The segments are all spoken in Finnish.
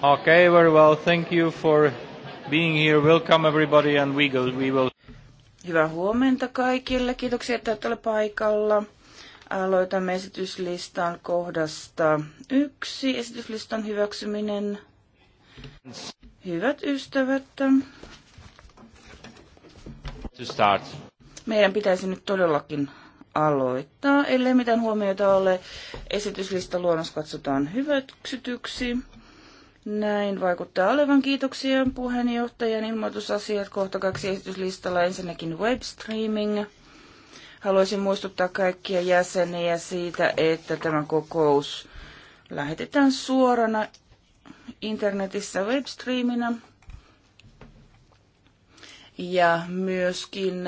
Okay, very well. Thank you for being here. Welcome everybody and we, go, we will... Hyvää huomenta kaikille. Kiitoksia, että olette paikalla. Aloitamme esityslistan kohdasta yksi. Esityslistan hyväksyminen. Hyvät ystävät. To start. Meidän pitäisi nyt todellakin aloittaa, ellei mitään huomiota ole. Esityslista luonnos katsotaan hyväksytyksi. Näin vaikuttaa olevan. Kiitoksia puheenjohtajan ilmoitusasiat. Kohta kaksi esityslistalla ensinnäkin webstreaming. Haluaisin muistuttaa kaikkia jäseniä siitä, että tämä kokous lähetetään suorana internetissä webstreamina Ja myöskin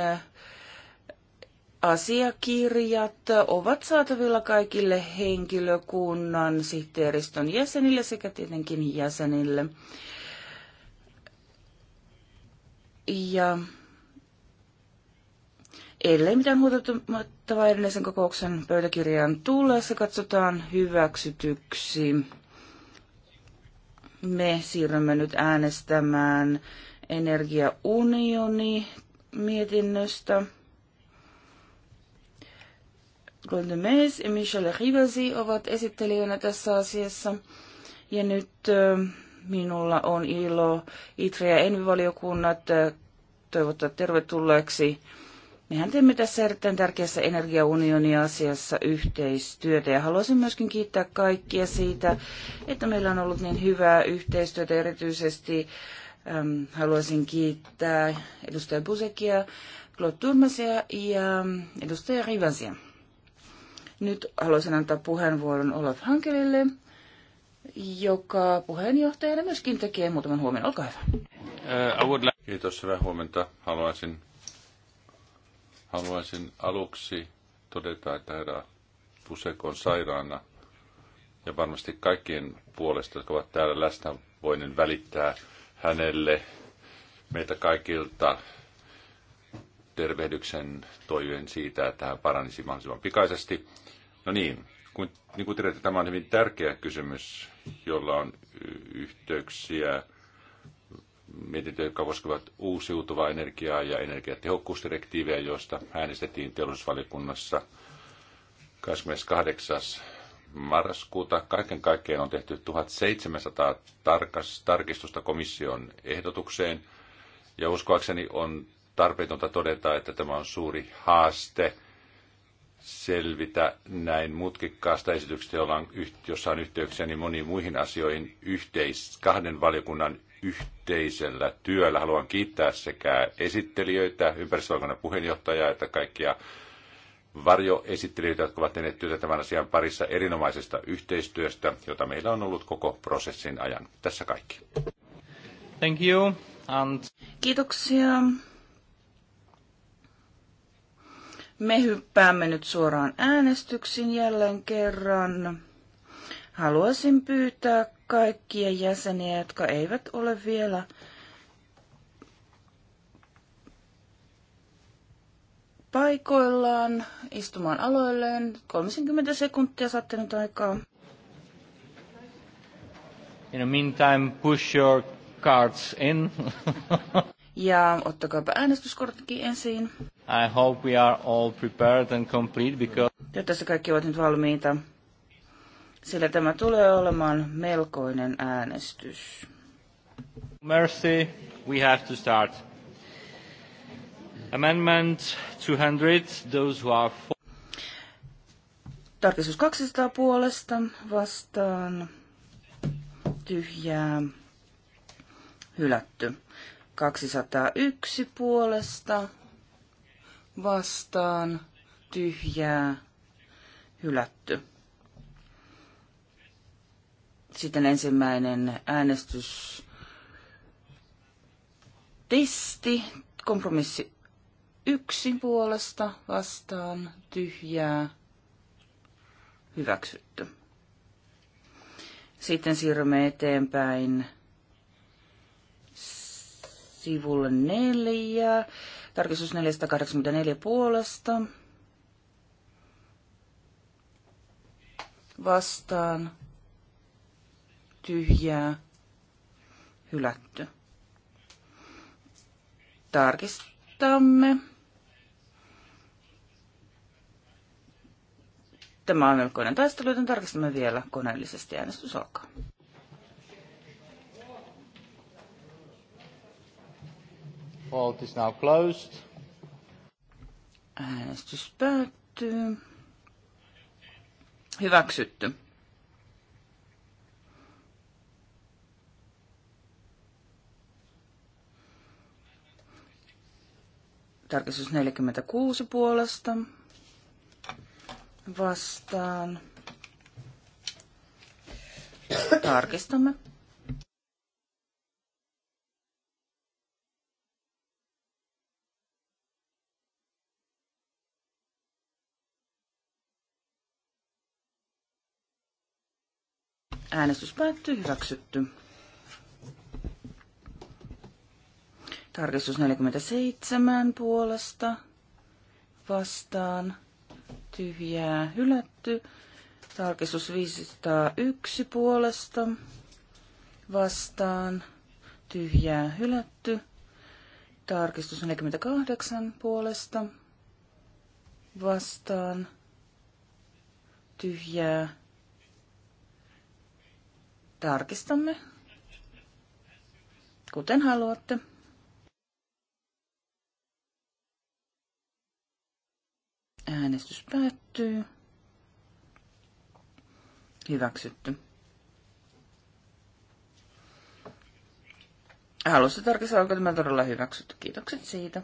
Asiakirjat ovat saatavilla kaikille henkilökunnan sihteeristön jäsenille sekä tietenkin jäsenille. Ja ellei mitään huutamattavaa edellisen kokouksen pöytäkirjaan tule, se katsotaan hyväksytyksi. Me siirrymme nyt äänestämään energiaunioni mietinnöstä. Golden Mees ja Michelle Rivasi ovat esittelijänä tässä asiassa. Ja nyt minulla on ilo ITRE- ja ENVI-valiokunnat toivottaa tervetulleeksi. Mehän teemme tässä erittäin tärkeässä energiaunioni asiassa yhteistyötä ja haluaisin myöskin kiittää kaikkia siitä, että meillä on ollut niin hyvää yhteistyötä. Erityisesti äm, haluaisin kiittää edustaja Busekia, Claude Turmasia ja edustaja Rivasia. Nyt haluaisin antaa puheenvuoron Olaf Hankelille, joka puheenjohtajana myöskin tekee muutaman huomion. Olkaa hyvä. Uh, Kiitos, hyvää huomenta. Haluaisin, haluaisin aluksi todeta, että herra Pusek on sairaana ja varmasti kaikkien puolesta, jotka ovat täällä läsnä, voinen välittää hänelle meitä kaikilta tervehdyksen toiveen siitä, että hän paranisi mahdollisimman pikaisesti. No niin, kun, niin kuin tiedätte, tämä on hyvin tärkeä kysymys, jolla on yhteyksiä mietintöjä, jotka koskevat uusiutuvaa energiaa ja energiatehokkuusdirektiivejä, joista äänestettiin teollisuusvaliokunnassa 28. marraskuuta. Kaiken kaikkiaan on tehty 1700 tarkas, tarkistusta komission ehdotukseen, ja uskoakseni on tarpeetonta todeta, että tämä on suuri haaste – selvitä näin mutkikkaasta esityksestä, jolla on, jossa on yhteyksiä niin moniin muihin asioihin yhteis, kahden valiokunnan yhteisellä työllä. Haluan kiittää sekä esittelijöitä, ympäristövaliokunnan puheenjohtajaa että kaikkia varjoesittelijöitä, jotka ovat tehneet työtä tämän asian parissa erinomaisesta yhteistyöstä, jota meillä on ollut koko prosessin ajan. Tässä kaikki. Thank you. And... Kiitoksia. Me hyppäämme nyt suoraan äänestyksiin jälleen kerran. Haluaisin pyytää kaikkia jäseniä, jotka eivät ole vielä paikoillaan istumaan aloilleen. 30 sekuntia saatte nyt aikaa. In the meantime, push your cards in. ja ottakaapa äänestyskorttikin ensin. I hope we are all prepared and complete because... Toivottavasti kaikki ovat nyt valmiita, sillä tämä tulee olemaan melkoinen äänestys. Mercy, we have to start. Amendment 200, those who are for... Tarkistus 200 puolesta vastaan tyhjää hylätty. 201 puolesta vastaan tyhjää hylätty. Sitten ensimmäinen äänestys. Testi, kompromissi yksi puolesta vastaan tyhjää hyväksytty. Sitten siirrymme eteenpäin sivulle neljä. Tarkistus 484 puolesta. Vastaan. Tyhjää. Hylätty. Tarkistamme. Tämä on melkoinen taistelu, joten tarkistamme vielä koneellisesti äänestys alkaa. Vote is now closed. Äänestys päättyy. Hyväksytty. Tarkistus 46 puolesta vastaan. Tarkistamme. Äänestys päättyy. Hyväksytty. Tarkistus 47 puolesta vastaan. Tyhjää hylätty. Tarkistus 501 puolesta vastaan. Tyhjää hylätty. Tarkistus 48 puolesta vastaan. Tyhjää Tarkistamme, kuten haluatte. Äänestys päättyy. Hyväksytty. Haluaisitte tarkistaa, onko tämä todella hyväksytty? Kiitokset siitä.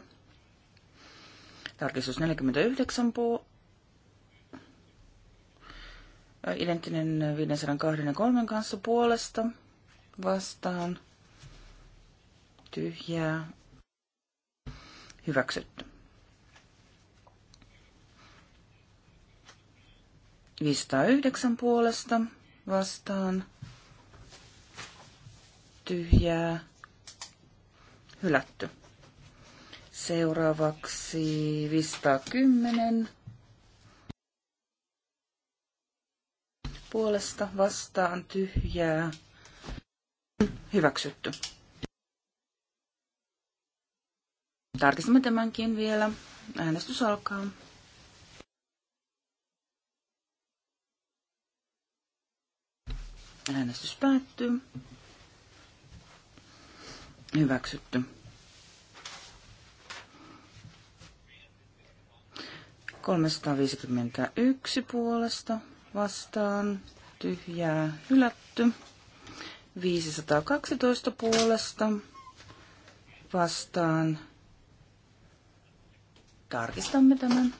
Tarkistus 49 puu identtinen 502 kanssa puolesta vastaan tyhjää hyväksytty. 509 puolesta vastaan tyhjää hylätty. Seuraavaksi 510 puolesta vastaan tyhjää. Hyväksytty. Tarkistamme tämänkin vielä. Äänestys alkaa. Äänestys päättyy. Hyväksytty. yksi puolesta vastaan tyhjää hylätty. 512 puolesta vastaan. Tarkistamme tämän.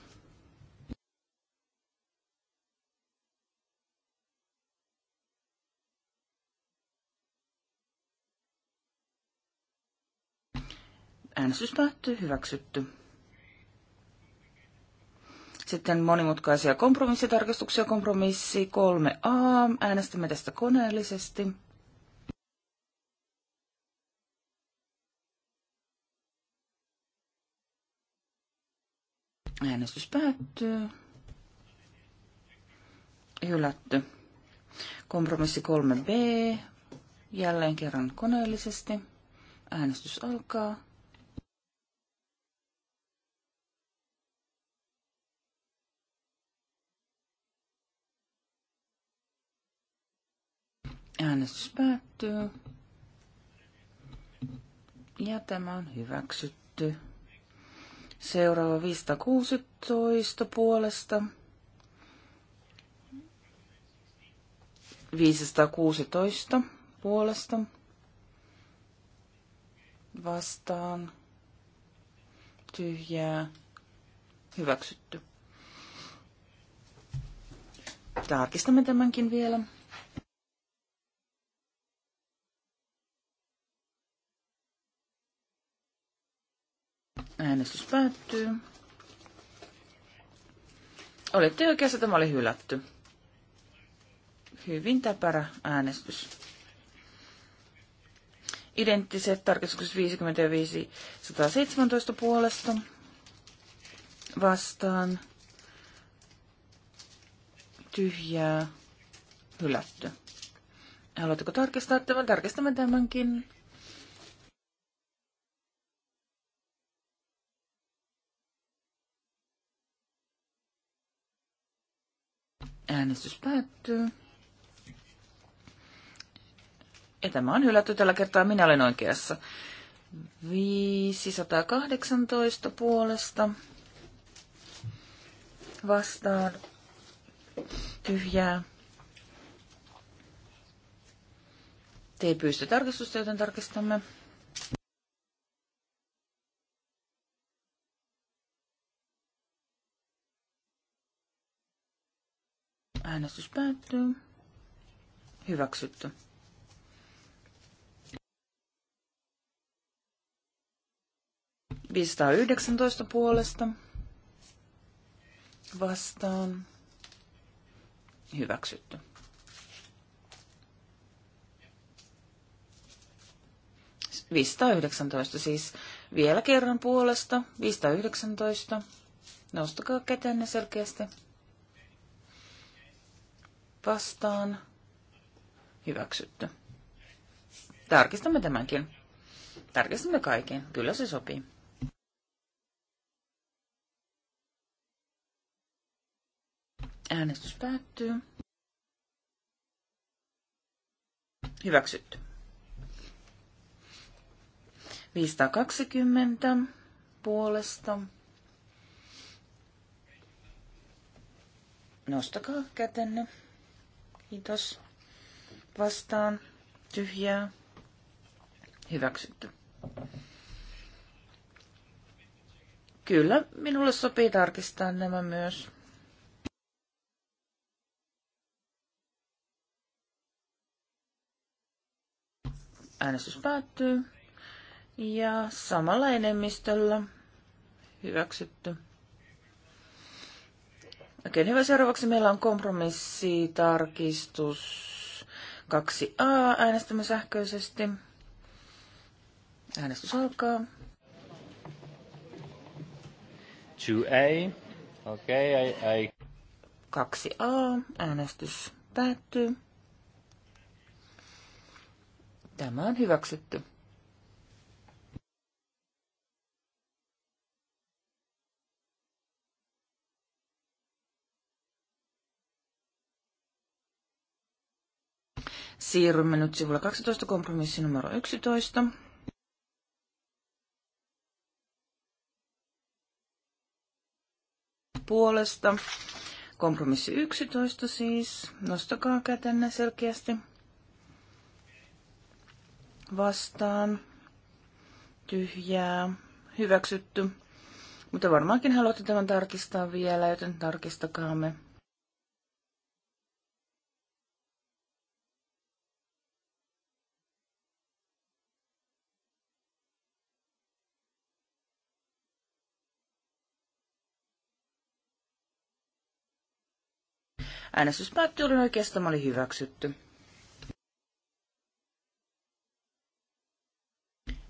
Äänestys päättyy hyväksytty. Sitten monimutkaisia kompromissitarkistuksia. Kompromissi 3a. Äänestämme tästä koneellisesti. Äänestys päättyy. Hylätty. Kompromissi 3b. Jälleen kerran koneellisesti. Äänestys alkaa. Äänestys päättyy. Ja tämä on hyväksytty. Seuraava 516 puolesta. 516 puolesta. Vastaan. Tyhjää. Hyväksytty. Tarkistamme tämänkin vielä. Äänestys päättyy. Olette oikeassa, tämä oli hylätty. Hyvin täpärä äänestys. Identtiset tarkistukset 55 117 puolesta vastaan tyhjää hylätty. Haluatteko tarkistaa tämän? Tarkistamme tämänkin. Äänestys päättyy. Ja tämä on hylätty tällä kertaa. Minä olen oikeassa. 518 puolesta vastaan tyhjää. Te pyystötarkistusta joten tarkistamme. Äänestys päättyy. Hyväksytty. yhdeksäntoista puolesta vastaan. Hyväksytty. yhdeksäntoista siis vielä kerran puolesta. yhdeksäntoista Nostakaa kätenne selkeästi vastaan hyväksytty. Tarkistamme tämänkin. Tarkistamme kaiken. Kyllä se sopii. Äänestys päättyy. Hyväksytty. 520 puolesta. Nostakaa kätenne. Kiitos. Vastaan. Tyhjää. Hyväksytty. Kyllä, minulle sopii tarkistaa nämä myös. Äänestys päättyy. Ja samalla enemmistöllä hyväksytty. Okei, hyvä. Seuraavaksi meillä on kompromissi, tarkistus, 2a. Äänestämme sähköisesti. Äänestys alkaa. 2a. Okei, okay, ei, 2a. Äänestys päättyy. Tämä on hyväksytty. Siirrymme nyt sivulle 12 kompromissi numero 11. Puolesta. Kompromissi 11 siis. Nostakaa kätenne selkeästi. Vastaan. Tyhjää. Hyväksytty. Mutta varmaankin haluatte tämän tarkistaa vielä, joten tarkistakaamme. Äänestys päättyi, olin oikeassa, tämä oli hyväksytty.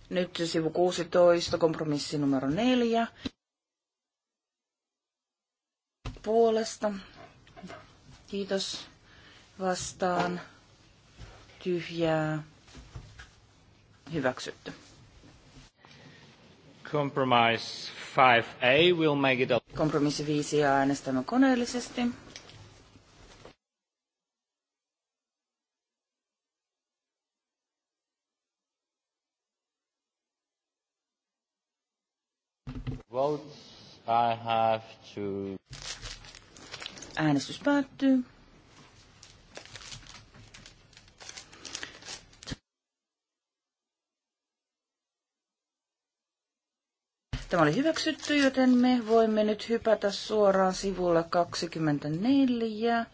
Nyt sivu 16, kompromissi numero 4. Puolesta. Kiitos. Vastaan. Tyhjää. Hyväksytty. Compromise 5A will make it up. Kompromissi 5 äänestämme koneellisesti. I have to... Äänestys päättyy. Tämä oli hyväksytty, joten me voimme nyt hypätä suoraan sivulle 24.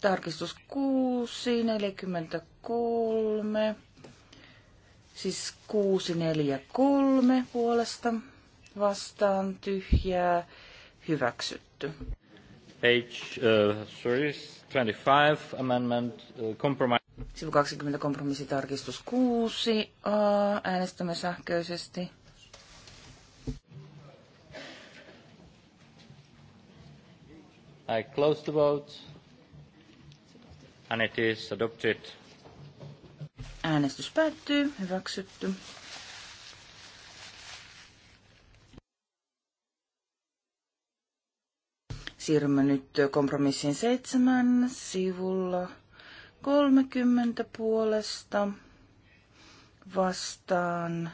Tarkistus 6, 43. Siis 643 puolesta vastaan tyhjää hyväksytty. Page uh, sorry, 25 amendment uh, compromise. Sivu 20 kompromissitarkistus 6. Uh, äänestämme sähköisesti. I close the vote and it is adopted Äänestys päättyy. Hyväksytty. Siirrymme nyt kompromissin seitsemän sivulla 30 puolesta vastaan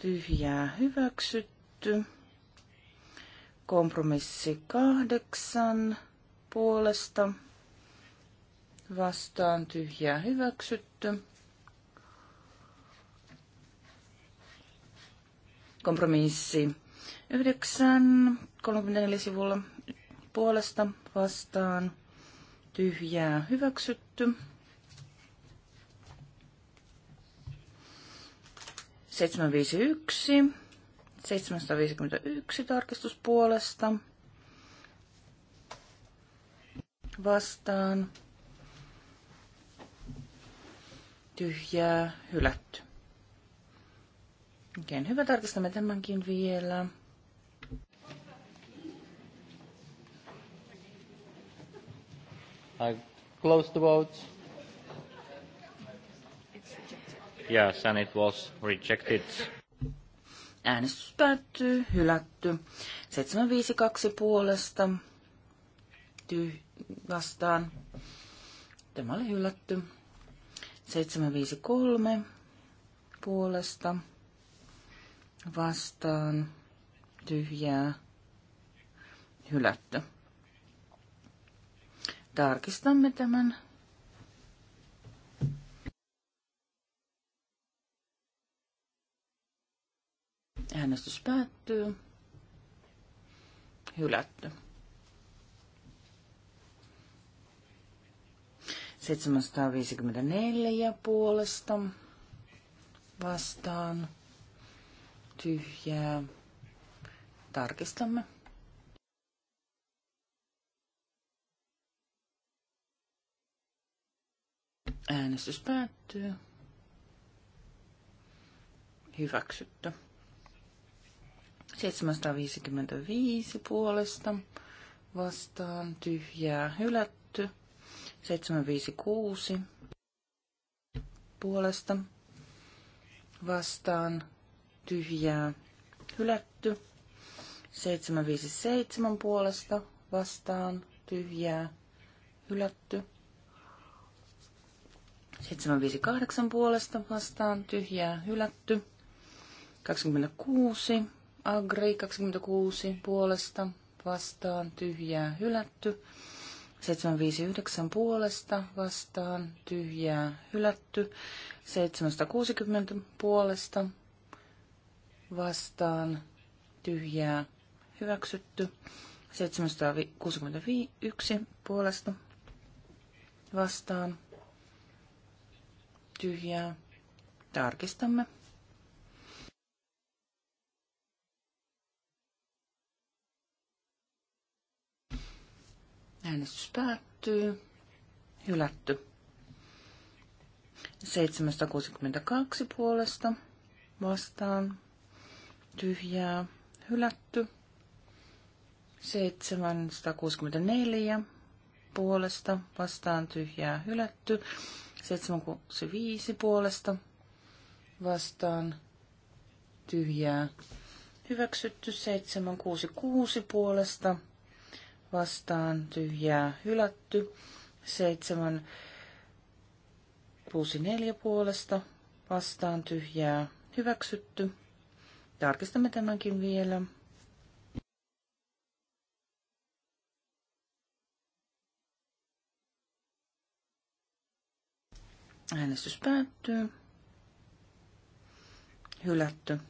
tyhjää hyväksytty. Kompromissi kahdeksan puolesta vastaan tyhjää hyväksytty. Kompromissi 9, 34 sivulla puolesta vastaan tyhjää hyväksytty. 751, 751 tarkistuspuolesta vastaan tyhjää, hylätty. Oikein hyvä, tarkistamme tämänkin vielä. I close the vote. Yes, and it was rejected. Äänestys päättyy, hylätty. 752 puolesta tyh- vastaan. Tämä oli hylätty. 753 puolesta vastaan tyhjää hylätty. Tarkistamme tämän. Äänestys päättyy. Hylätty. 754 puolesta vastaan tyhjää. Tarkistamme. Äänestys päättyy. Hyväksyttö. 755 puolesta vastaan tyhjää hylätty. 756 puolesta vastaan tyhjää hylätty. 757 puolesta vastaan tyhjää hylätty. 758 puolesta vastaan tyhjää hylätty. 26 agri 26 puolesta vastaan tyhjää hylätty. 759 puolesta vastaan, tyhjää hylätty. 760 puolesta vastaan, tyhjää hyväksytty. 761 puolesta vastaan, tyhjää. Tarkistamme. Äänestys päättyy. Hylätty. 762 puolesta vastaan. Tyhjää. Hylätty. 764 puolesta vastaan tyhjää hylätty. 765 puolesta vastaan tyhjää hyväksytty. 766 puolesta vastaan tyhjää hylätty. 7 plus 4 puolesta vastaan tyhjää hyväksytty. Tarkistamme tämänkin vielä. Äänestys päättyy. Hylätty.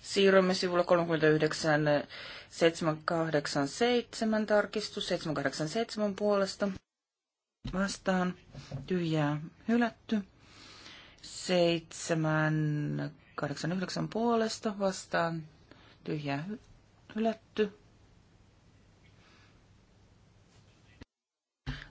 Siirrymme sivulla 39, 787 tarkistus, 787 puolesta. Vastaan tyhjää hylätty. 789 puolesta vastaan tyhjää hylätty.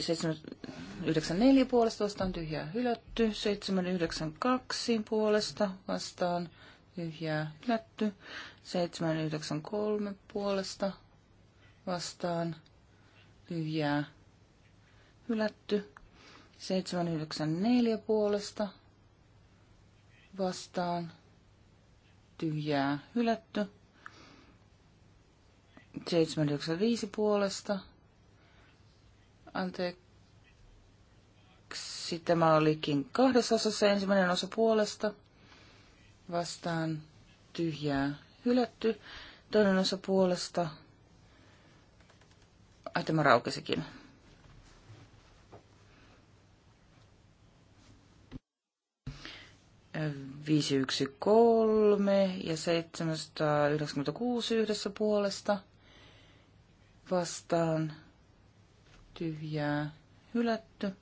794 puolesta vastaan tyhjää hylätty. 792 puolesta vastaan tyhjää hylätty. 793 puolesta vastaan tyhjää hylätty. 794 puolesta vastaan tyhjää hylätty. 795 puolesta Anteeksi, tämä olikin kahdessa osassa. Ensimmäinen osa puolesta vastaan tyhjää hylätty. Toinen osa puolesta. Ai, tämä raukesikin. Viisi yksi kolme ja 796 yhdessä puolesta vastaan tyhjää hylätty.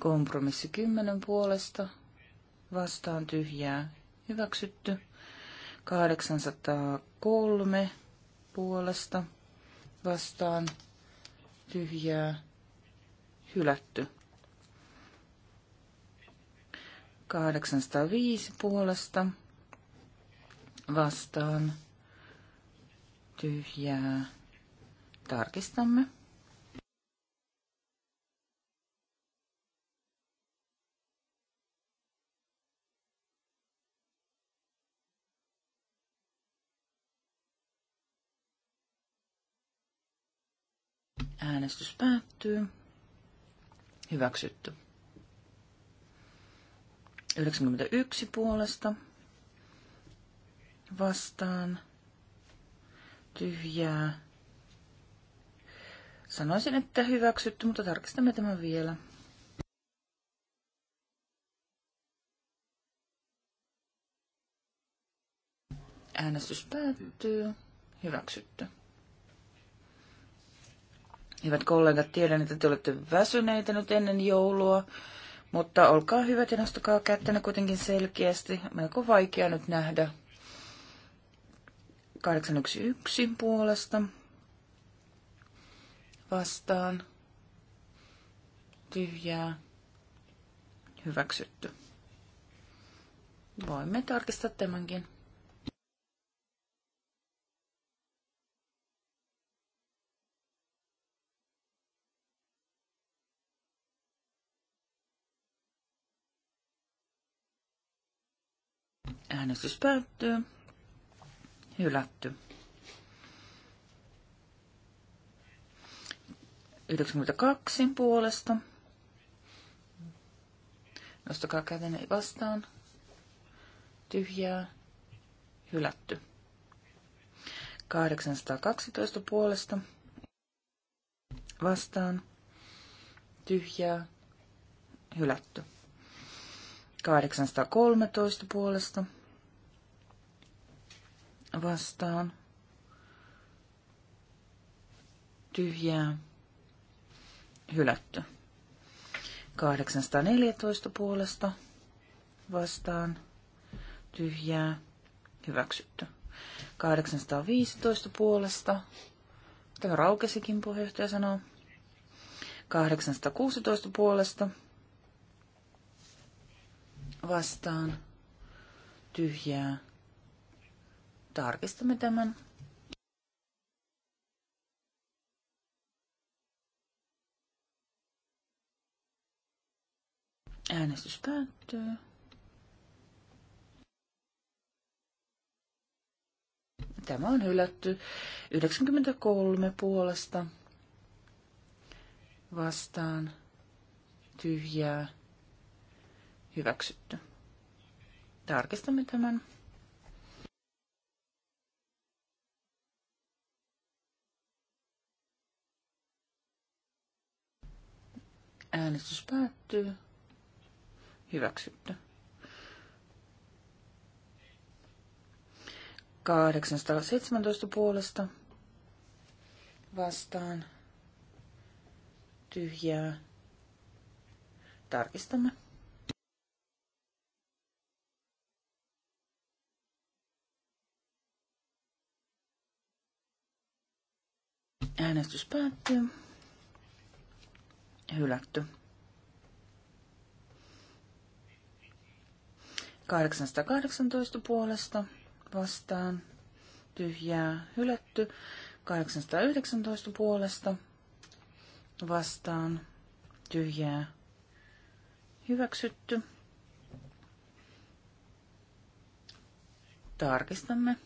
Kompromissi kymmenen puolesta vastaan tyhjää hyväksytty. 803 puolesta vastaan tyhjää hylätty. 805 puolesta vastaan tyhjää. Tarkistamme. Äänestys päättyy. Hyväksytty. 91 puolesta vastaan tyhjää. Sanoisin, että hyväksytty, mutta tarkistamme tämän vielä. Äänestys päättyy. Hyväksytty. Hyvät kollegat, tiedän, että te olette väsyneitä nyt ennen joulua, mutta olkaa hyvät ja nostakaa kättänne kuitenkin selkeästi. Melko vaikea nyt nähdä 811 puolesta vastaan tyhjää hyväksytty. Voimme tarkistaa tämänkin. Äänestys päättyy hylätty. 92 puolesta. Nostakaa kätenne vastaan. Tyhjää. Hylätty. 812 puolesta. Vastaan. Tyhjää. Hylätty. 813 puolesta vastaan tyhjää hylätty. 814 puolesta vastaan tyhjää hyväksytty. 815 puolesta, tämä raukesikin puheenjohtaja sanoo, 816 puolesta vastaan tyhjää Tarkistamme tämän. Äänestys päättyy. Tämä on hylätty 93 puolesta vastaan tyhjää hyväksytty. Tarkistamme tämän. Äänestys päättyy. Hyväksytty. 817 puolesta vastaan tyhjää. Tarkistamme. Äänestys päättyy hylätty. 818 puolesta vastaan tyhjää hylätty. 819 puolesta vastaan tyhjää hyväksytty. Tarkistamme.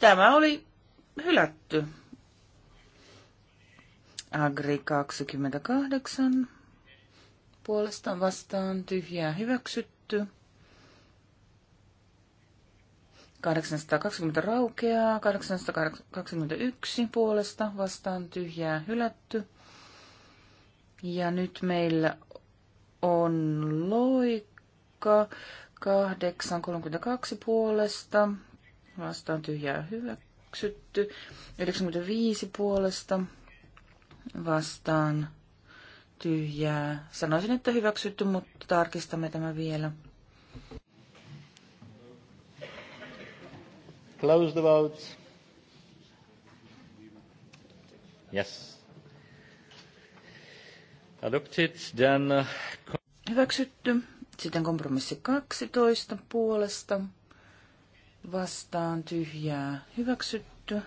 Tämä oli hylätty. Agri 28. Puolesta vastaan tyhjää hyväksytty. 820 raukeaa, 821 puolesta vastaan tyhjää hylätty. Ja nyt meillä on loikka 832 puolesta vastaan tyhjää hyväksytty. 95 puolesta vastaan tyhjää. Sanoisin, että hyväksytty, mutta tarkistamme tämä vielä. Close the votes. Yes. Adopted, then... Uh, hyväksytty. Sitten kompromissi 12 puolesta vastaan tyhjää hyväksytty.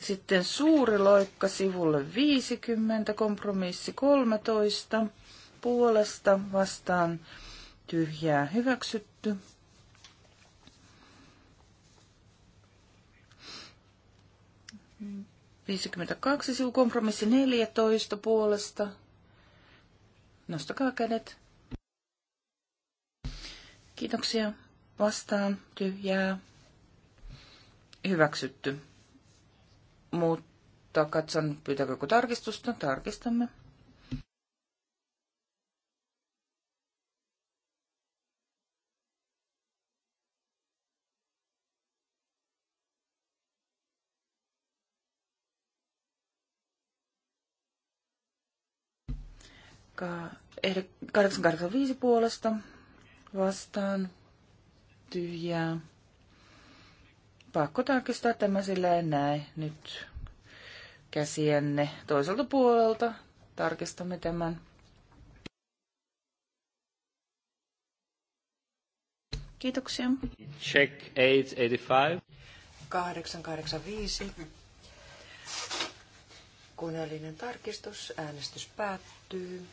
Sitten suuri loikka sivulle 50, kompromissi 13, puolesta vastaan tyhjää hyväksytty. kaksi sivu kompromissi 14 puolesta. Nostakaa kädet Kiitoksia. Vastaan. Tyhjää. Hyväksytty. Mutta katson, pyytääkö joku tarkistusta. Tarkistamme. Ka- 885 puolesta vastaan tyhjää. Pakko tarkistaa tämä, sillä en näe nyt käsienne toiselta puolelta. Tarkistamme tämän. Kiitoksia. Check 885. 885. Kunnallinen tarkistus. Äänestys päättyy.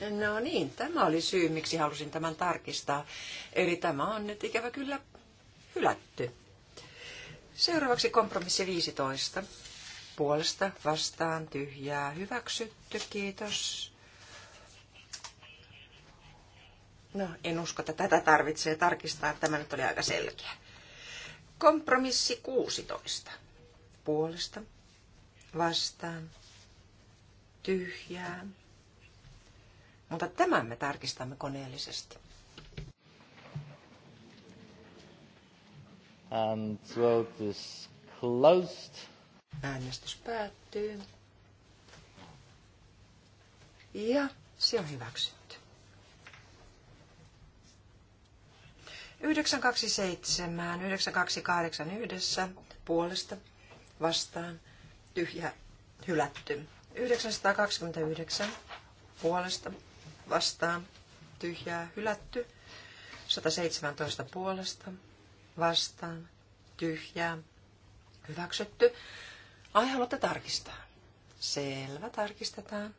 No niin, tämä oli syy, miksi halusin tämän tarkistaa. Eli tämä on nyt ikävä kyllä hylätty. Seuraavaksi kompromissi 15. Puolesta vastaan tyhjää hyväksytty, kiitos. No, en usko, että tätä tarvitsee tarkistaa. Tämä nyt oli aika selkeä. Kompromissi 16. Puolesta vastaan tyhjää mutta tämän me tarkistamme koneellisesti. And vote is closed. Äänestys päättyy. Ja se on hyväksytty. 927, 928 yhdessä, puolesta, vastaan, tyhjä, hylätty. 929, puolesta, vastaan tyhjää hylätty. 117 puolesta vastaan tyhjää hyväksytty. Ai, haluatte tarkistaa? Selvä, tarkistetaan.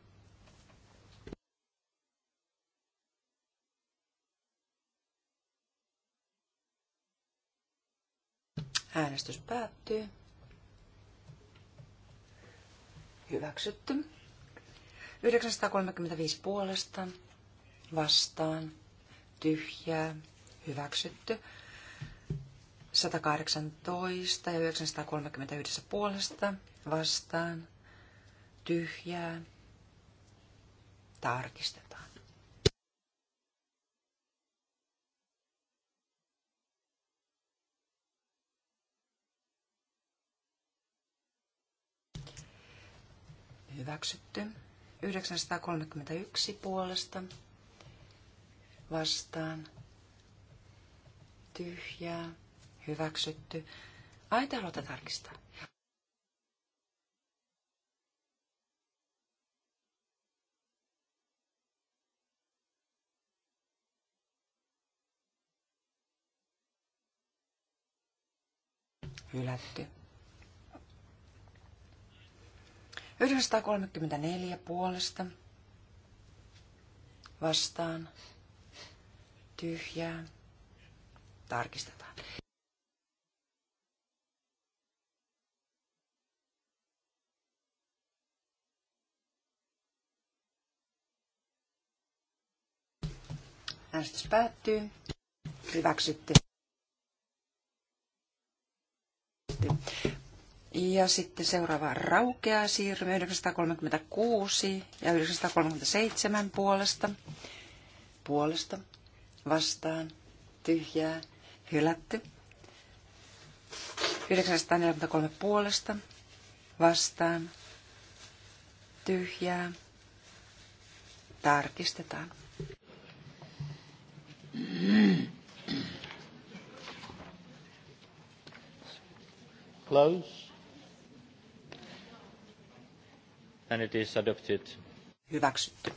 Äänestys päättyy. Hyväksytty. 935 puolesta vastaan tyhjää hyväksytty. 118 ja 931 puolesta vastaan tyhjää tarkistetaan. Hyväksytty. 931 puolesta vastaan. Tyhjää. Hyväksytty. aita haluta tarkistaa. Hylätty. 934 puolesta vastaan tyhjää. Tarkistetaan. Äänestys päättyy. Hyväksytty. Ja sitten seuraava raukeaa siirrymme 936 ja 937 puolesta. Puolesta vastaan tyhjää hylätty. 943 puolesta vastaan tyhjää tarkistetaan. Close. and it is adopted. Hyväksytty.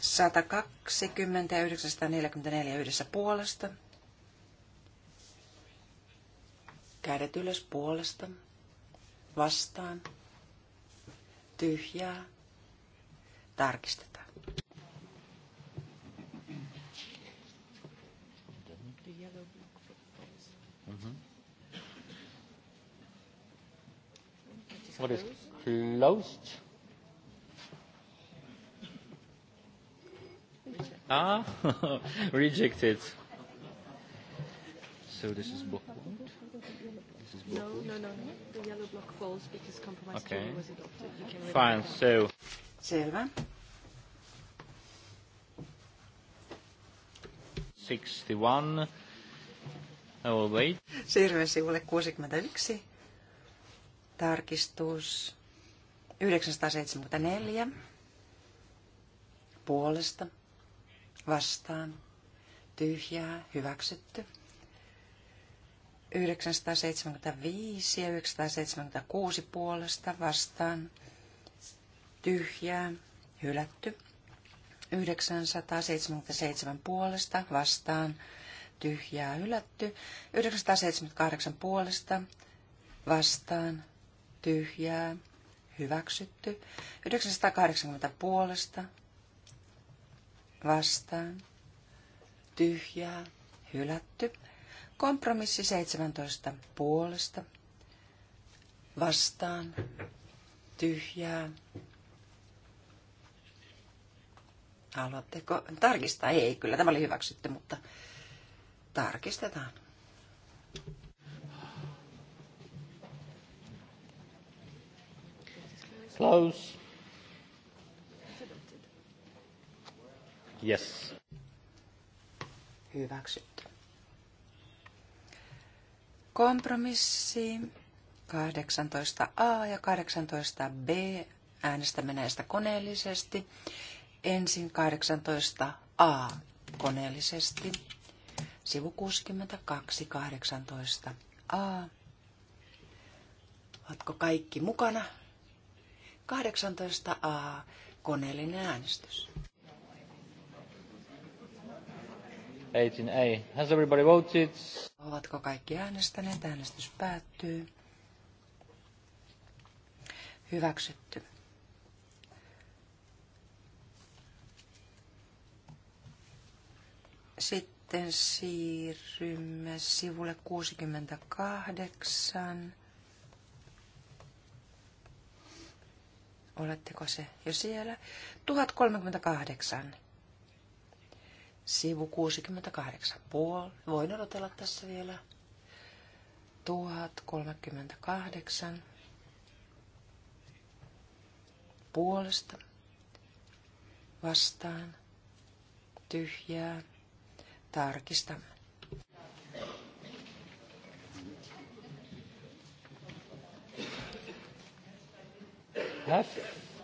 Sata kaksikymmentä ja yhdessä puolesta. Kädet ylös puolesta. Vastaan. Tyhjää. Tarkistetaan. What is closed? Ah, rejected. So this is block one. This is block no, no, no, no. The yellow block falls because compromise okay. was adopted. You can Fine. So. Selvä. 61. I will wait. Selva, sivulle 61. Tarkistus 974 puolesta vastaan tyhjää hyväksytty. 975 ja 976 puolesta vastaan tyhjää hylätty. 977 puolesta vastaan tyhjää hylätty. 978 puolesta vastaan tyhjää, hyväksytty. 980 puolesta, vastaan, tyhjää, hylätty. Kompromissi 17 puolesta, vastaan, tyhjää. Haluatteko tarkistaa? Ei, kyllä tämä oli hyväksytty, mutta tarkistetaan. Close. Yes. Hyväksytty. Kompromissi 18a ja 18b äänestämme näistä koneellisesti. Ensin 18a koneellisesti. Sivu 62, 18a. Oletko kaikki mukana? 18a. Koneellinen äänestys. 18a. Has everybody voted? Ovatko kaikki äänestäneet? Äänestys päättyy. Hyväksytty. Sitten siirrymme sivulle 68. Oletteko se jo siellä? 1038. Sivu 68. Puol. Voin odotella tässä vielä. 1038. Puolesta. Vastaan. Tyhjää. Tarkistamme. have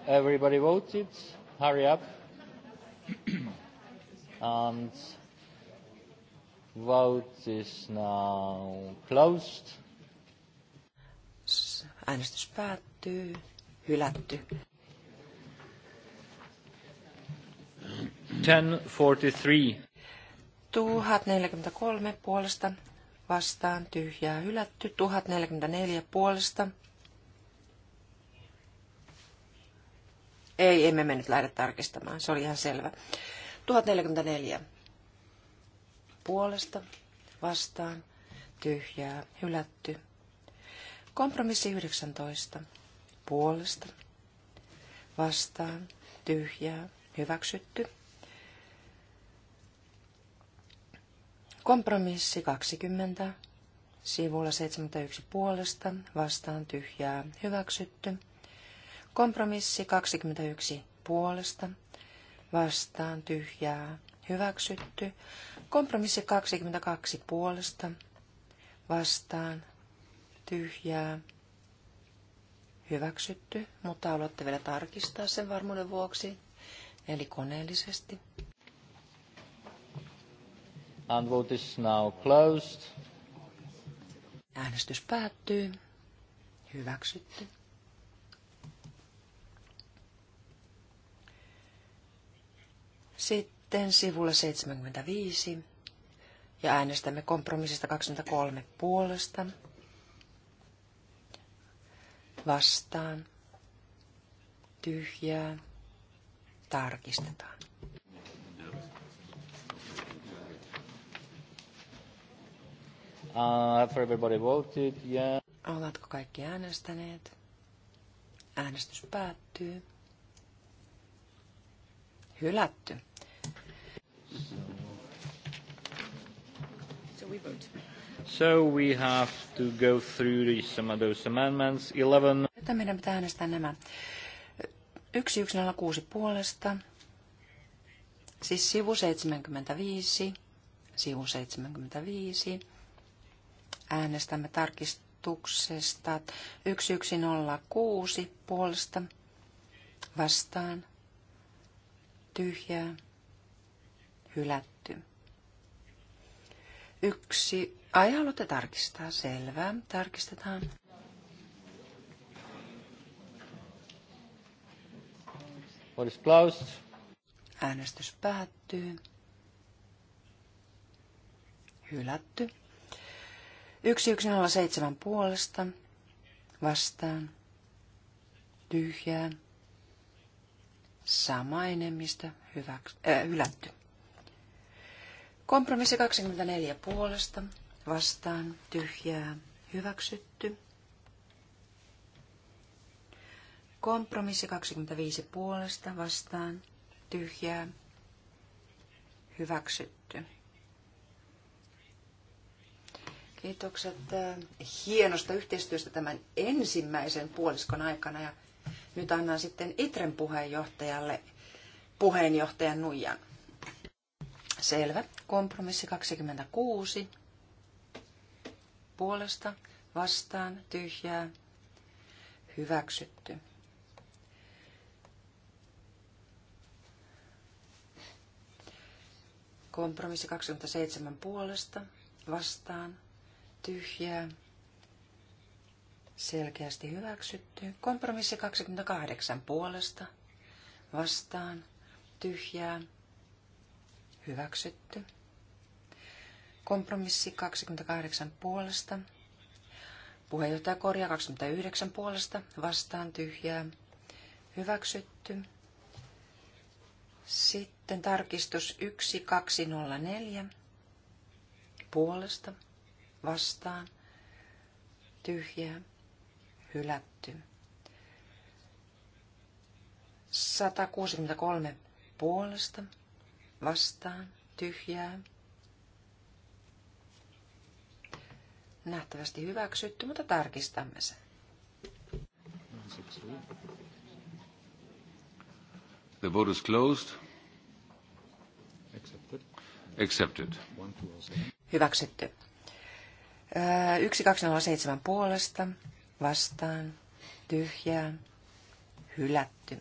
Everybody voted? Hurry up. and vote is now closed. Äänestys päättyy. Hylätty. 1043. 1043 puolesta vastaan tyhjää hylätty. 1044 puolesta Ei, emme me nyt lähde tarkistamaan, se oli ihan selvä. 1044 puolesta, vastaan, tyhjää, hylätty. Kompromissi 19 puolesta, vastaan, tyhjää, hyväksytty. Kompromissi 20, sivulla 71 puolesta, vastaan tyhjää, hyväksytty. Kompromissi 21 puolesta, vastaan tyhjää, hyväksytty. Kompromissi 22 puolesta, vastaan tyhjää, hyväksytty, mutta haluatte vielä tarkistaa sen varmuuden vuoksi, eli koneellisesti. And vote is now closed. Äänestys päättyy. Hyväksytty. Sitten sivulla 75 ja äänestämme kompromissista 23 puolesta vastaan tyhjää tarkistetaan. Uh, for everybody voted, yeah. Ovatko kaikki äänestäneet? Äänestys päättyy hylätty. So we vote. So we have to go through some of those amendments. 11. Joten meidän pitää äänestää nämä. 1106 puolesta, siis sivu 75, sivu 75. Äänestämme tarkistuksesta 1106 puolesta vastaan tyhjää, hylätty. Yksi. Ai, haluatte tarkistaa? Selvä. Tarkistetaan. What closed? Äänestys päättyy. Hylätty. 1107 puolesta. Vastaan. Tyhjään. Sama enemmistö hyväks- äh, hylätty. Kompromissi 24 puolesta vastaan tyhjää hyväksytty. Kompromissi 25 puolesta vastaan tyhjää hyväksytty. Kiitokset äh, hienosta yhteistyöstä tämän ensimmäisen puoliskon aikana ja nyt annan sitten Itren puheenjohtajalle puheenjohtajan Nuijan. Selvä. Kompromissi 26. Puolesta, vastaan, tyhjää, hyväksytty. Kompromissi 27 puolesta, vastaan, tyhjää, Selkeästi hyväksytty. Kompromissi 28 puolesta. Vastaan. Tyhjää. Hyväksytty. Kompromissi 28 puolesta. Puheenjohtaja korjaa 29 puolesta. Vastaan tyhjää. Hyväksytty. Sitten tarkistus 1204 puolesta vastaan tyhjää hylätty. 163 puolesta vastaan tyhjää. Nähtävästi hyväksytty, mutta tarkistamme sen. The vote is closed. Accepted. Accepted. Oh, hyväksytty. 1207 puolesta vastaan, tyhjää, hylätty.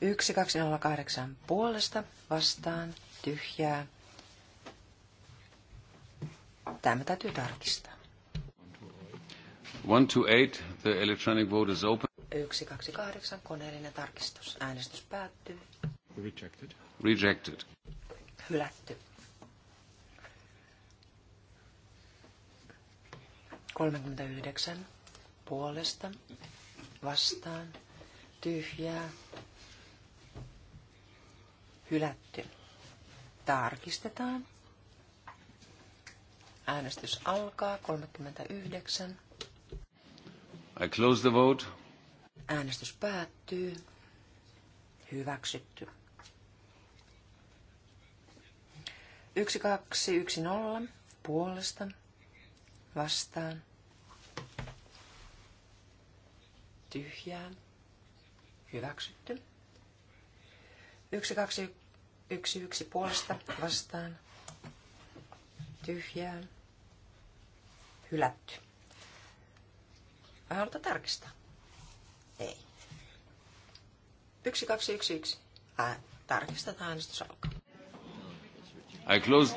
1208 puolesta vastaan, tyhjää. Tämä täytyy tarkistaa. 128, the electronic vote is open. 128, koneellinen tarkistus. Äänestys päättyy. Rejected. Rejected. Hylätty. 39 puolesta vastaan tyhjää hylätty. Tarkistetaan. Äänestys alkaa 39. I close the vote. Äänestys päättyy. Hyväksytty. 1210 puolesta vastaan tyhjään. Hyväksytty. Yksi, kaksi, yksi, yksi puolesta vastaan. Tyhjään. Hylätty. Vai haluta tarkistaa? Ei. Yksi, kaksi, yksi, yksi. Ää, tarkistetaan äänestys alkaa. I close.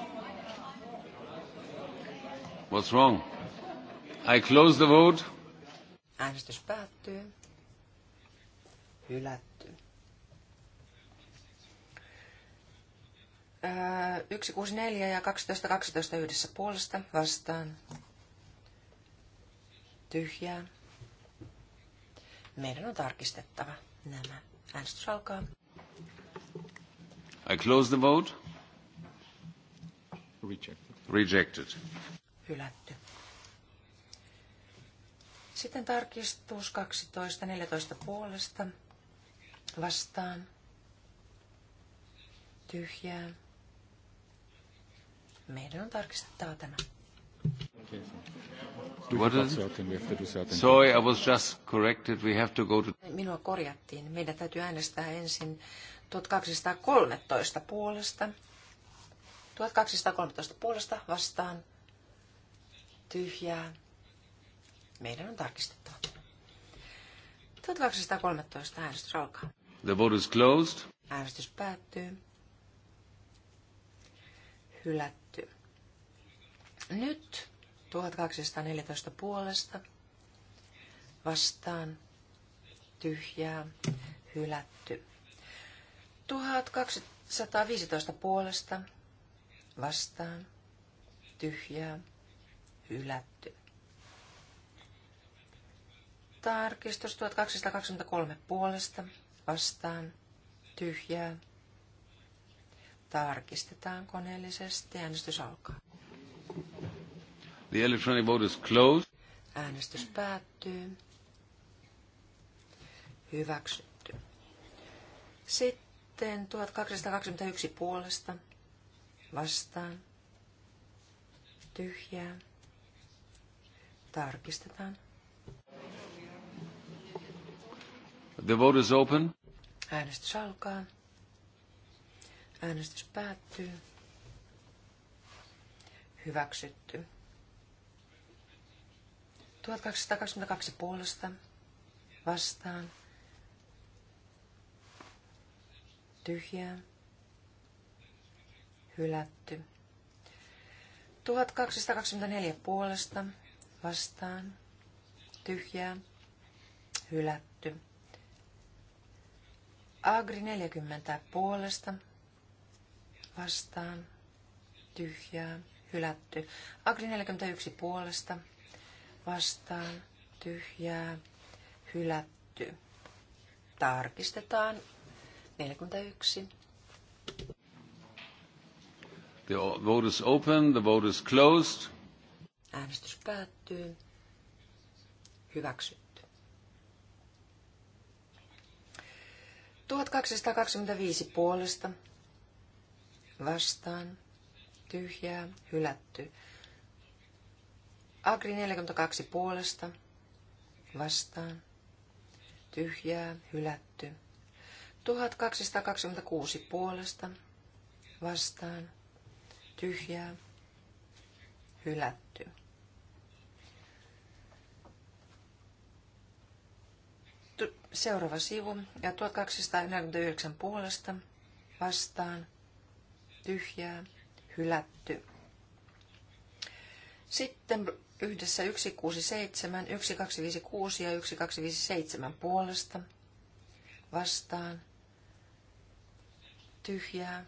What's wrong? I close the vote. Äänestys päättyy. Hylätty. Öö, 164 ja 1212 12 yhdessä puolesta vastaan. Tyhjää. Meidän on tarkistettava nämä. Äänestys alkaa. I close the vote. Rejected. Rejected. Hylätty. Sitten tarkistus 12, 14 puolesta vastaan. Tyhjää. Meidän on tarkistettava tämä. Sorry, I was just corrected. We have to go to... Minua korjattiin. Meidän täytyy äänestää ensin 1213 puolesta. 1213 puolesta vastaan. Tyhjää meidän on tarkistettava. 1213 äänestys alkaa. The vote is closed. Äänestys päättyy. Hylätty. Nyt 1214 puolesta vastaan tyhjää hylätty. 1215 puolesta vastaan tyhjää hylätty. Tarkistus 1223 puolesta vastaan tyhjää. Tarkistetaan koneellisesti. Äänestys alkaa. The electronic vote is closed. Äänestys päättyy. Hyväksytty. Sitten 1221 puolesta vastaan tyhjää. Tarkistetaan. The vote is open. Äänestys alkaa. Äänestys päättyy. Hyväksytty. 1222 puolesta vastaan. Tyhjää. Hylätty. 1224 puolesta vastaan. Tyhjää. Hylätty. Agri 40 puolesta vastaan tyhjää hylätty. Agri 41 puolesta vastaan tyhjää hylätty. Tarkistetaan 41. The vote is open, the vote is closed. Äänestys päättyy. Hyväksytty. 1225 puolesta vastaan tyhjää hylätty. Agri 42 puolesta vastaan tyhjää hylätty. 1226 puolesta vastaan tyhjää hylätty. Seuraava sivu. Ja 1249 puolesta vastaan. Tyhjää. Hylätty. Sitten yhdessä 167, 1256 ja 1257 puolesta vastaan. Tyhjää.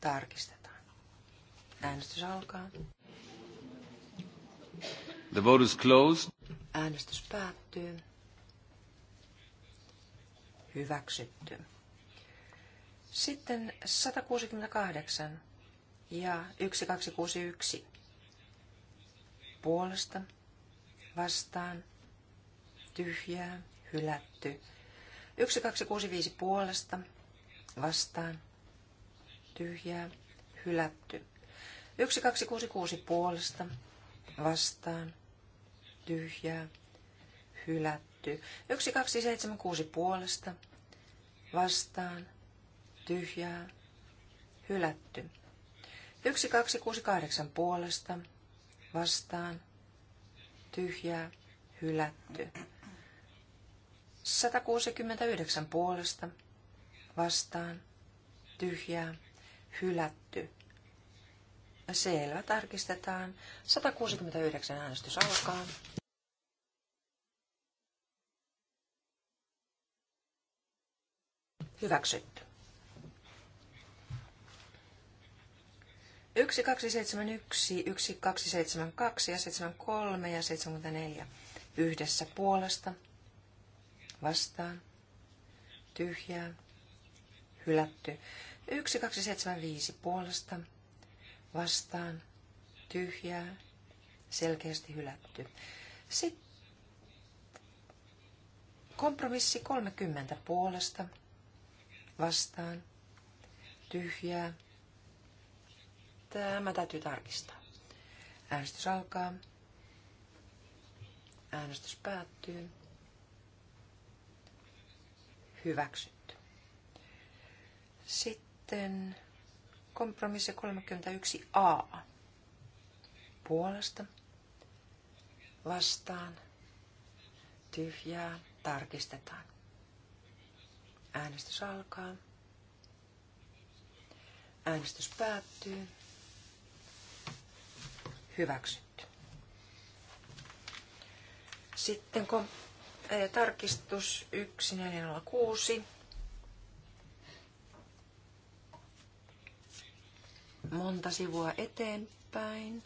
Tarkistetaan. Äänestys alkaa. The vote is closed. Äänestys päättyy. Hyväksytty. Sitten 168 ja 1261. Puolesta, vastaan, tyhjää, hylätty. 1265 puolesta, vastaan, tyhjää, hylätty. 1266 puolesta, vastaan, tyhjää, hylätty. 6 puolesta, vastaan, tyhjää, hylätty. 8 puolesta, vastaan, tyhjää, hylätty. 169 puolesta, vastaan, tyhjää, hylätty. Selvä, tarkistetaan. 169 äänestys alkaa. Hyväksytty. 1271, 1272 ja 3 ja 74 yhdessä puolesta vastaan tyhjää hylätty. 1275 puolesta vastaan, tyhjää, selkeästi hylätty. Sitten kompromissi 30 puolesta, vastaan, tyhjää. Tämä täytyy tarkistaa. Äänestys alkaa. Äänestys päättyy. Hyväksytty. Sitten Kompromissi 31a. Puolesta. Vastaan. Tyhjää. Tarkistetaan. Äänestys alkaa. Äänestys päättyy. Hyväksytty. Sitten kom- eh, tarkistus 1406 monta sivua eteenpäin.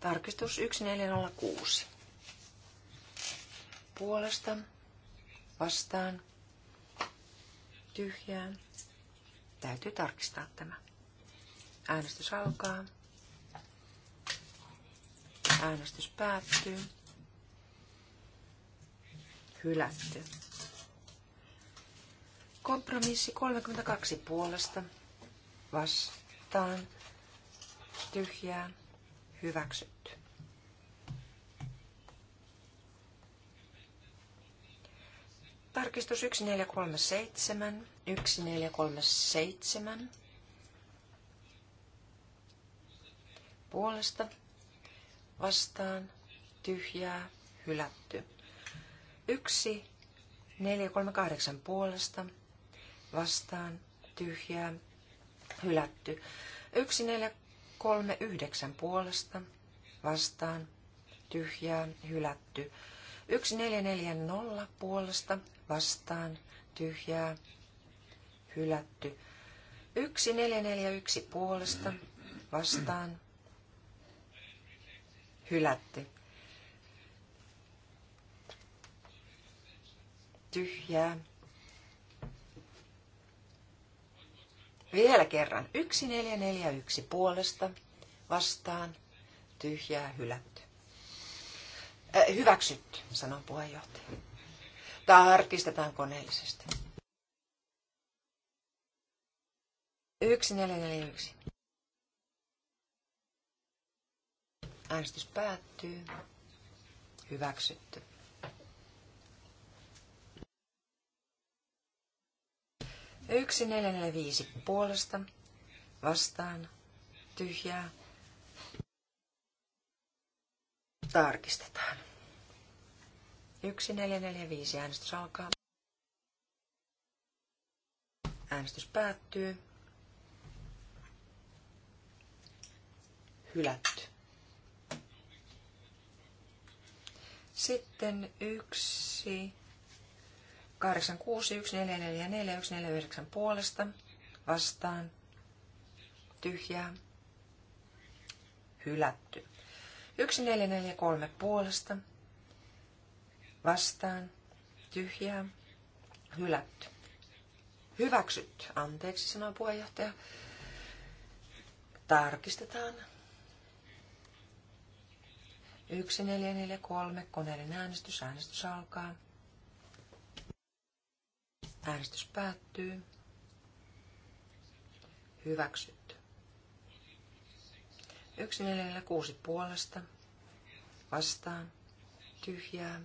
Tarkistus 1406. Puolesta, vastaan, tyhjään. Täytyy tarkistaa tämä. Äänestys alkaa. Äänestys päättyy. Hylätty. Kompromissi 32 puolesta vastaan tyhjää hyväksytty. Tarkistus 1437, 1437. Puolesta, vastaan, tyhjää, hylätty. 1438 puolesta, vastaan, tyhjää, hylätty. 1439 puolesta, vastaan, tyhjää, hylätty. 1440 puolesta, vastaan, tyhjää, hylätty. 1441 puolesta, vastaan, hylätty. Tyhjää, Vielä kerran. 1441 puolesta vastaan tyhjää hylätty. Äh, hyväksytty, sanoo puheenjohtaja. Tarkistetaan koneellisesti. 1441. Äänestys päättyy. Hyväksytty. 1, 4, 4, 5 puolesta, vastaan, tyhjää. Tarkistetaan. 1, 4, 4, 5 äänestys alkaa. Äänestys päättyy. Hylätty. Sitten yksi, 86, puolesta vastaan tyhjää hylätty. 1443 puolesta vastaan tyhjää hylätty. hyväksyt Anteeksi, sanoo puheenjohtaja. Tarkistetaan. 1443 koneellinen äänestys. Äänestys alkaa. Äänestys päättyy. Hyväksytty. kuusi puolesta. Vastaan. Tyhjää.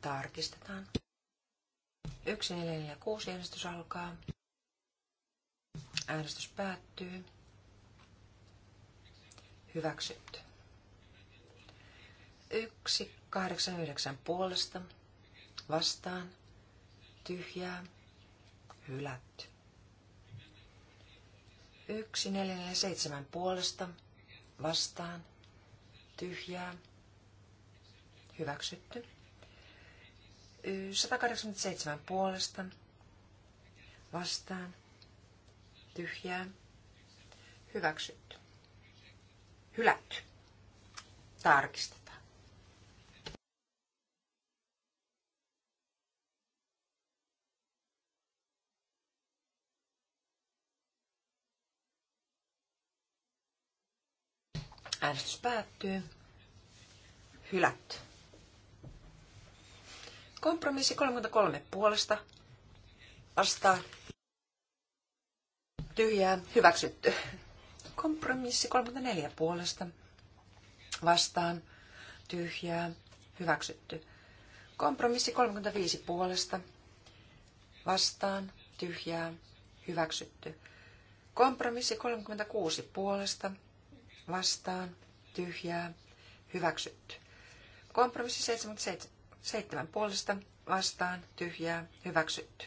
Tarkistetaan. kuusi äänestys alkaa. Äänestys päättyy. Hyväksytty. Yksi kahdeksan yhdeksän puolesta. Vastaan tyhjää, hylätty. seitsemän puolesta, vastaan, tyhjää, hyväksytty. 187 puolesta, vastaan, tyhjää, hyväksytty, hylätty, tarkista. Äänestys päättyy. Hylätty. Kompromissi 33 puolesta. Vastaan. Tyhjää. Hyväksytty. Kompromissi 34 puolesta. Vastaan. Tyhjää. Hyväksytty. Kompromissi 35 puolesta. Vastaan. Tyhjää. Hyväksytty. Kompromissi 36 puolesta vastaan, tyhjää, hyväksytty. Kompromissi 77 puolesta, vastaan, tyhjää, hyväksytty.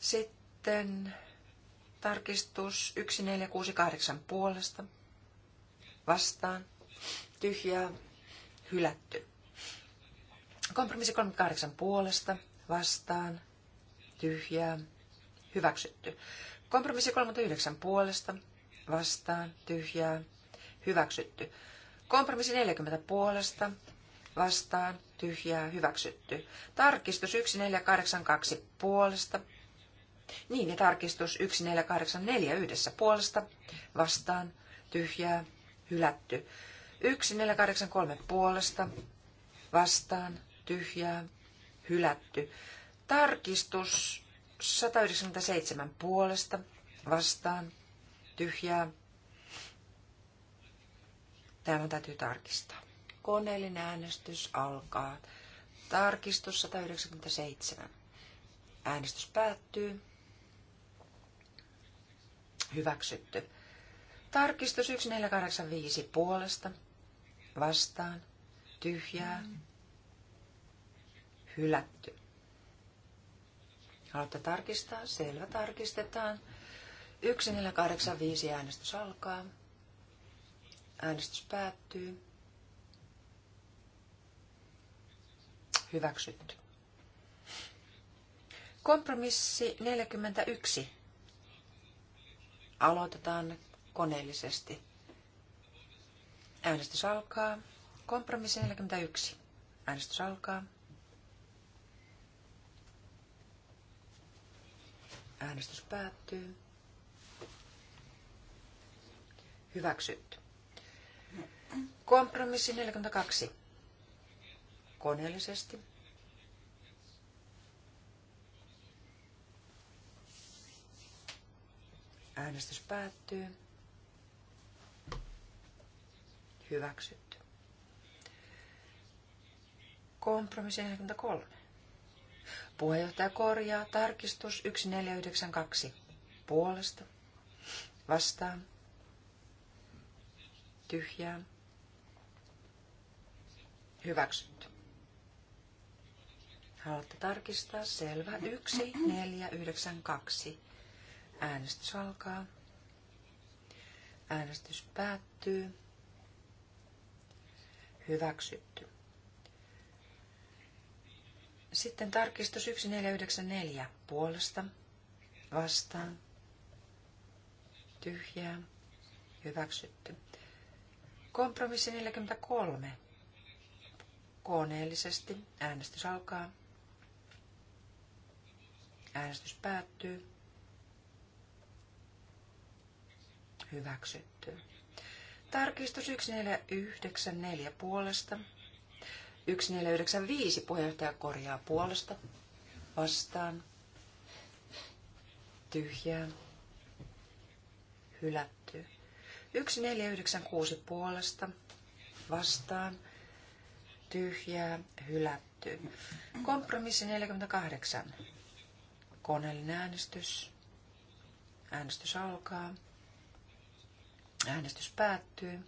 Sitten tarkistus 1468 puolesta, vastaan, tyhjää, hylätty. Kompromissi 38 puolesta, vastaan, tyhjää, hyväksytty. Kompromissi 39 puolesta, vastaan, tyhjää, hyväksytty. Kompromissi 40 puolesta, vastaan, tyhjää, hyväksytty. Tarkistus 1482 puolesta, niin ja tarkistus 1484 yhdessä puolesta, vastaan, tyhjää, hylätty. 1483 puolesta, vastaan, tyhjää, hylätty. Tarkistus 197 puolesta, vastaan, tyhjää. Tämä täytyy tarkistaa. Koneellinen äänestys alkaa. Tarkistus 197. Äänestys päättyy. Hyväksytty. Tarkistus 1485 puolesta. Vastaan. Tyhjää. Hylätty. Haluatte tarkistaa? Selvä, tarkistetaan. 1485 äänestys alkaa. Äänestys päättyy. Hyväksytty. Kompromissi 41. Aloitetaan koneellisesti. Äänestys alkaa. Kompromissi 41. Äänestys alkaa. Äänestys päättyy. Hyväksytty. Kompromissi 42. Koneellisesti. Äänestys päättyy. Hyväksytty. Kompromissi 43. Puheenjohtaja korjaa tarkistus 1492. Puolesta. Vastaan tyhjää, hyväksytty. Haluatte tarkistaa? Selvä. 1, 4, 9, 2. Äänestys alkaa. Äänestys päättyy. Hyväksytty. Sitten tarkistus 1494 puolesta. Vastaan. Tyhjää. Hyväksytty. Kompromissi 43. Koneellisesti äänestys alkaa. Äänestys päättyy. Hyväksytty. Tarkistus 1494 puolesta. 1495 puheenjohtaja korjaa puolesta. Vastaan. Tyhjää. Hylätty. 1496 puolesta vastaan tyhjää hylätty. Kompromissi 48. Koneellinen äänestys. Äänestys alkaa. Äänestys päättyy.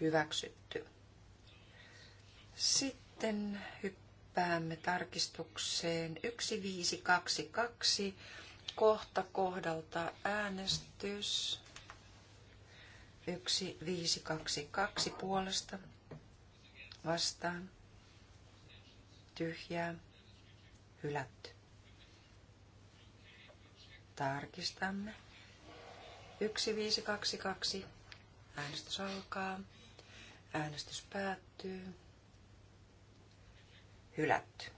Hyväksytty. Sitten hyppäämme tarkistukseen 1522 kohta kohdalta äänestys. Yksi, viisi, kaksi, kaksi puolesta. Vastaan. Tyhjää. Hylätty. Tarkistamme. yksi viisi kaksi Äänestys alkaa. Äänestys päättyy. Hylätty.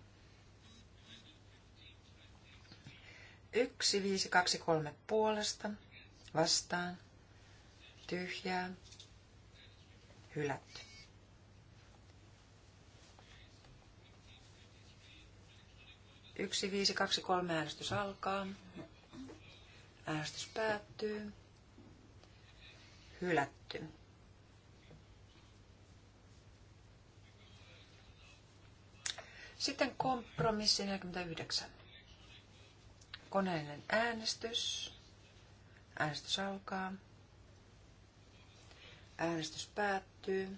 kolme puolesta vastaan tyhjää, hylätty. Yksi, viisi, kaksi, kolme äänestys alkaa. Äänestys päättyy. Hylätty. Sitten kompromissi 49. Koneellinen äänestys. Äänestys alkaa. Äänestys päättyy.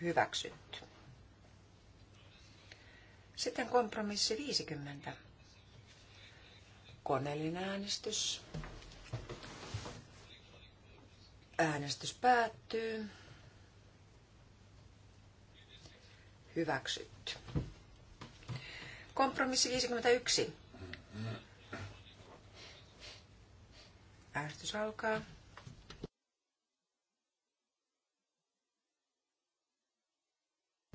Hyväksytty. Sitten kompromissi 50. Koneellinen äänestys. Äänestys päättyy. Hyväksytty. Kompromissi 51. Äänestys alkaa.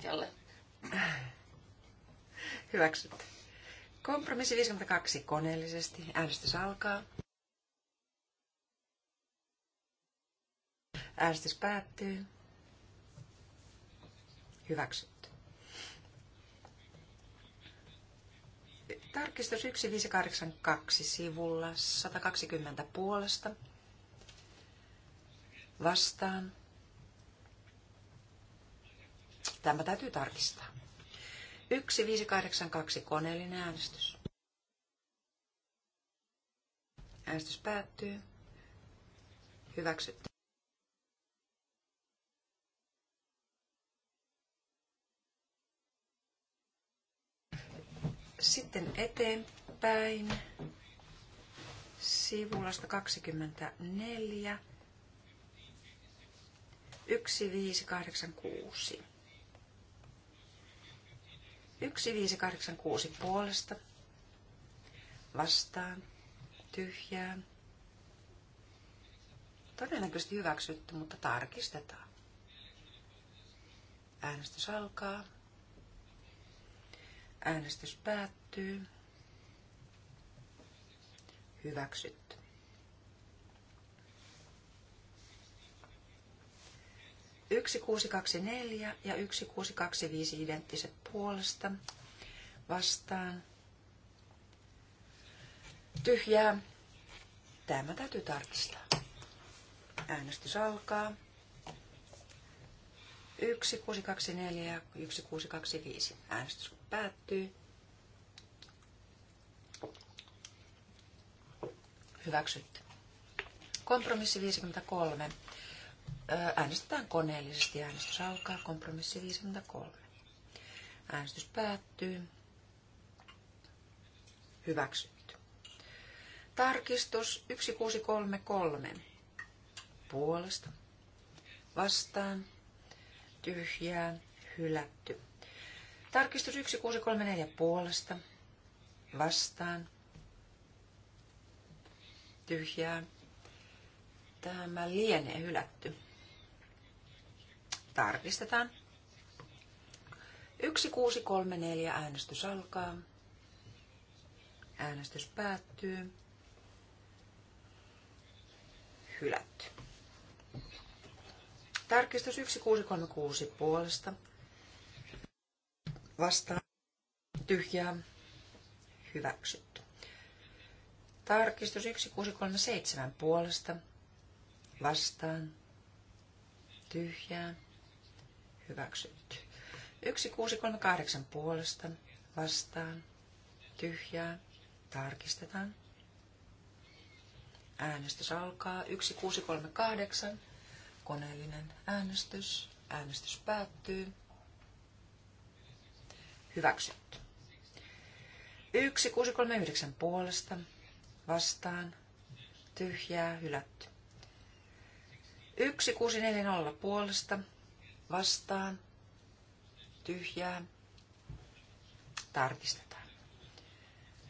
Jalle. Hyväksytty. Kompromissi 52 koneellisesti. Äänestys alkaa. Äänestys päättyy. Hyväksytty. Tarkistus 1582 sivulla 120 puolesta. Vastaan. Tämä täytyy tarkistaa. 1582 koneellinen äänestys. Äänestys päättyy. Hyväksytty. Sitten eteenpäin sivulla 24. 1586. 1586 puolesta. Vastaan. Tyhjää. Todennäköisesti hyväksytty, mutta tarkistetaan. Äänestys alkaa. Äänestys päättyy. Hyväksytty. 1624 ja 1625 identtiset puolesta vastaan. Tyhjää. Tämä täytyy tarkistaa. Äänestys alkaa. 1624 ja 1625. Äänestys päättyy. Hyväksytty. Kompromissi 53 Äänestetään koneellisesti. Äänestys alkaa. Kompromissi 53. Äänestys päättyy. Hyväksytty. Tarkistus 1633. Puolesta. Vastaan. Tyhjää. Hylätty. Tarkistus 1634 puolesta. Vastaan. Tyhjää. Tämä lienee hylätty. Tarkistetaan. 1634 äänestys alkaa. Äänestys päättyy. Hylätty. Tarkistus 1636 puolesta. Vastaan. Tyhjää. Hyväksytty. Tarkistus 1637 puolesta. Vastaan. Tyhjää hyväksytty. 1638 puolesta vastaan tyhjää tarkistetaan. Äänestys alkaa 1638. Koneellinen äänestys. Äänestys päättyy. Hyväksytty. 1639 puolesta vastaan tyhjää hylätty. 1640 puolesta vastaan, tyhjää, tarkistetaan.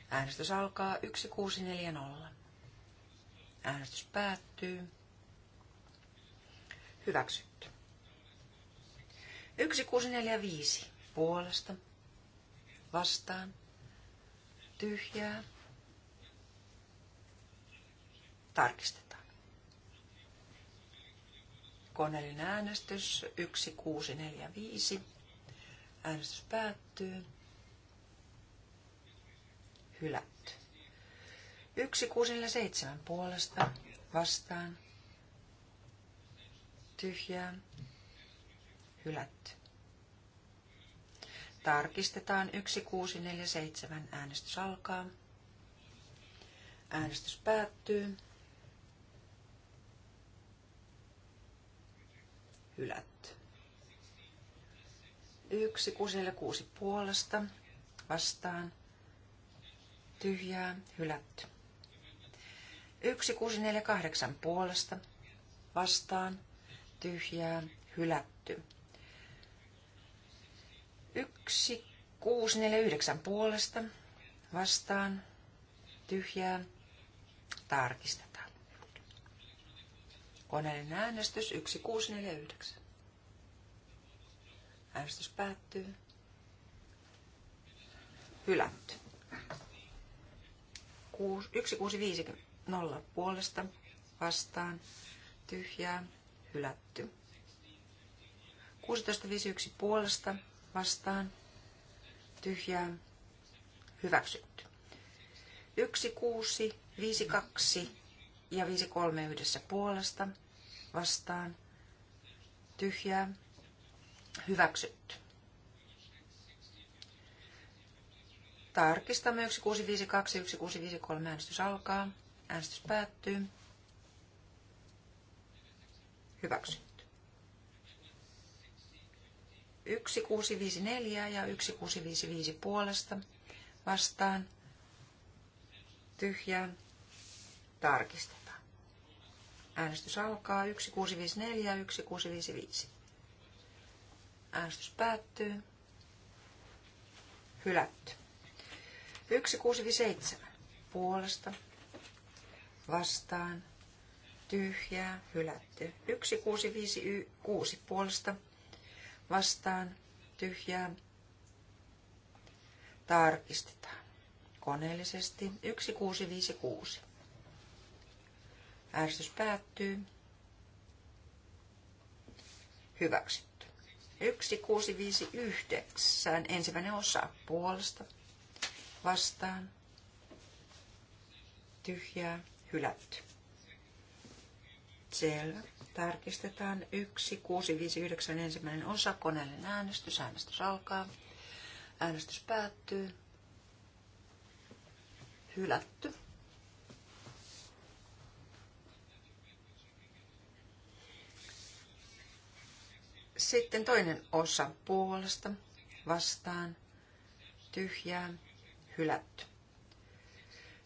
Äänestys alkaa 1640. Äänestys päättyy. Hyväksytty. 1645 puolesta, vastaan, tyhjää, tarkistetaan koneellinen äänestys 1645. Äänestys päättyy. Hylätty. 1647 puolesta vastaan. Tyhjää. Hylätty. Tarkistetaan 1647. Äänestys alkaa. Äänestys päättyy. hylätty. kuusi puolesta vastaan tyhjää hylätty. kahdeksan puolesta vastaan tyhjää hylätty. yhdeksän puolesta vastaan tyhjää tarkista. Koneellinen äänestys 1649. Äänestys päättyy. Hylätty. 1650 nolla puolesta vastaan. Tyhjää. Hylätty. 1651 puolesta vastaan. Tyhjää. Hyväksytty. 1652 ja 5-3 yhdessä puolesta vastaan tyhjää hyväksytty. Tarkistamme 1652 ja 1653 äänestys alkaa. Äänestys päättyy. Hyväksytty. 1654 ja 1655 puolesta vastaan tyhjään tarkista. Äänestys alkaa 1654 ja 1655. Äänestys päättyy. Hylätty. 1657. Puolesta. Vastaan. Tyhjää. Hylätty. 1656. Puolesta. Vastaan. Tyhjää. Tarkistetaan. Koneellisesti. 1656. Äänestys päättyy. Hyväksytty. 9. Ensimmäinen osa puolesta. Vastaan. Tyhjää. Hylätty. Selvä. Tarkistetaan 9. ensimmäinen osa. Koneellinen äänestys. Äänestys alkaa. Äänestys päättyy. Hylätty. Sitten toinen osa puolesta, vastaan, tyhjää, hylätty.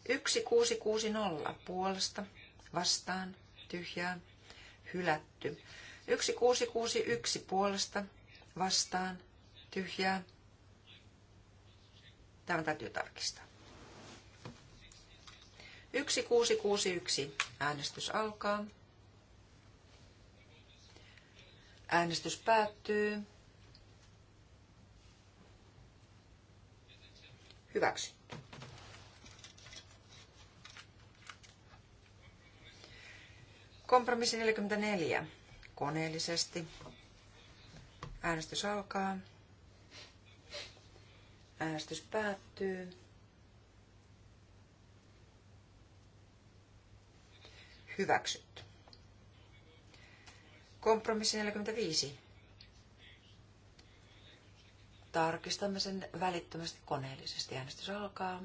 1660 puolesta, vastaan, tyhjää, hylätty. 1661 puolesta, vastaan, tyhjää. Tämä täytyy tarkistaa. 1661 äänestys alkaa. Äänestys päättyy. Hyväksi. Kompromissi 44. Koneellisesti. Äänestys alkaa. Äänestys päättyy. Hyväksytty. Kompromissi 45. Tarkistamme sen välittömästi koneellisesti. Äänestys alkaa.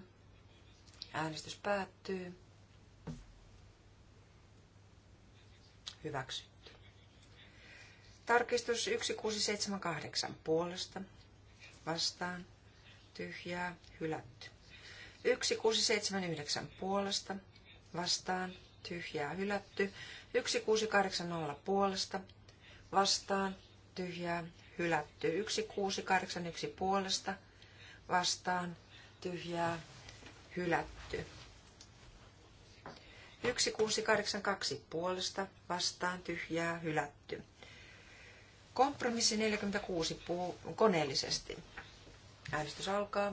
Äänestys päättyy. Hyväksytty. Tarkistus 1678 puolesta. Vastaan. Tyhjää. Hylätty. 1679 puolesta. Vastaan tyhjää hylätty. 1680 puolesta vastaan tyhjää hylätty. 1681 puolesta vastaan tyhjää hylätty. 1682 puolesta vastaan tyhjää hylätty. Kompromissi 46 puu- koneellisesti. Äänestys alkaa.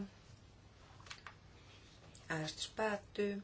Äänestys päättyy.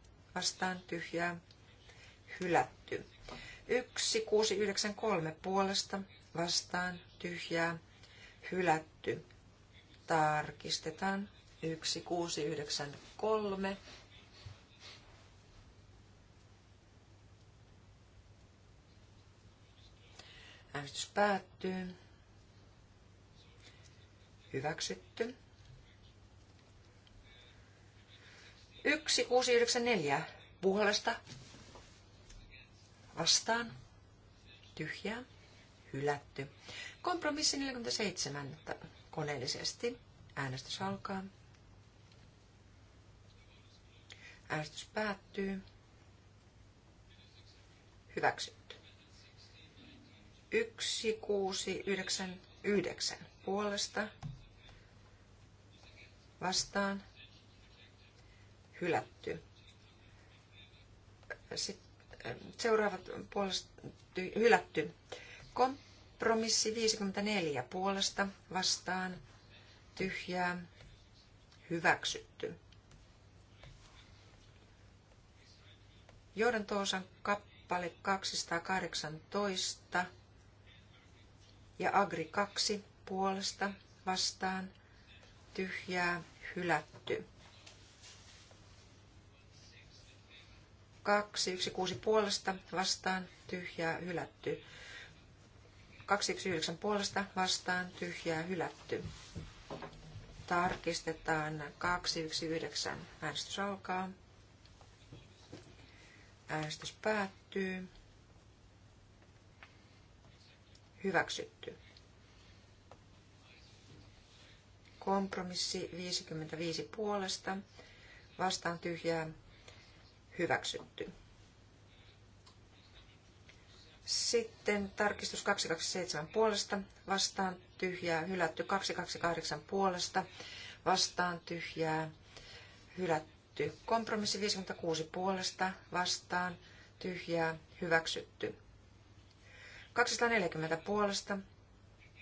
vastaan tyhjää hylätty. 3 puolesta vastaan tyhjää hylätty. Tarkistetaan 3. Äänestys päättyy. Hyväksytty. 1694 puolesta vastaan. Tyhjää. Hylätty. Kompromissi 47 koneellisesti. Äänestys alkaa. Äänestys päättyy. Hyväksytty. 1699 puolesta vastaan hylätty. Sitten äh, seuraavat puolesta hylätty. Kompromissi 54 puolesta vastaan tyhjää hyväksytty. Johdantoosan kappale 218 ja Agri 2 puolesta vastaan tyhjää hylätty. 216 puolesta vastaan tyhjää hylätty. 219 puolesta vastaan tyhjää hylätty. Tarkistetaan 219. Äänestys alkaa. Äänestys päättyy. Hyväksytty. Kompromissi 55 puolesta. Vastaan tyhjää hyväksytty. Sitten tarkistus 227 puolesta, vastaan tyhjää, hylätty 228 puolesta, vastaan tyhjää, hylätty. Kompromissi 56 puolesta, vastaan tyhjää, hyväksytty. 240 puolesta,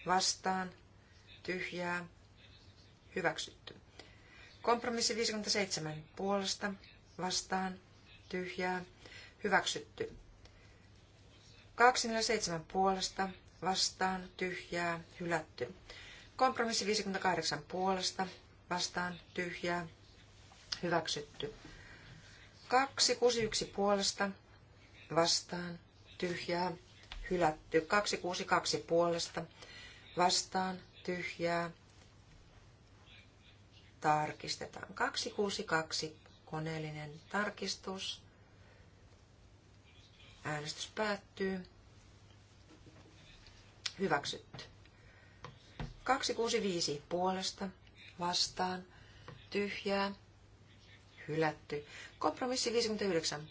vastaan tyhjää, hyväksytty. Kompromissi 57 puolesta, vastaan tyhjää, hyväksytty. 247 puolesta, vastaan, tyhjää, hylätty. Kompromissi 58 puolesta, vastaan, tyhjää, hyväksytty. 261 puolesta, vastaan, tyhjää, hylätty. 262 puolesta, vastaan, tyhjää, tarkistetaan. 262 Koneellinen tarkistus. Äänestys päättyy. Hyväksytty. 265 puolesta, vastaan, tyhjää, hylätty. Kompromissi 59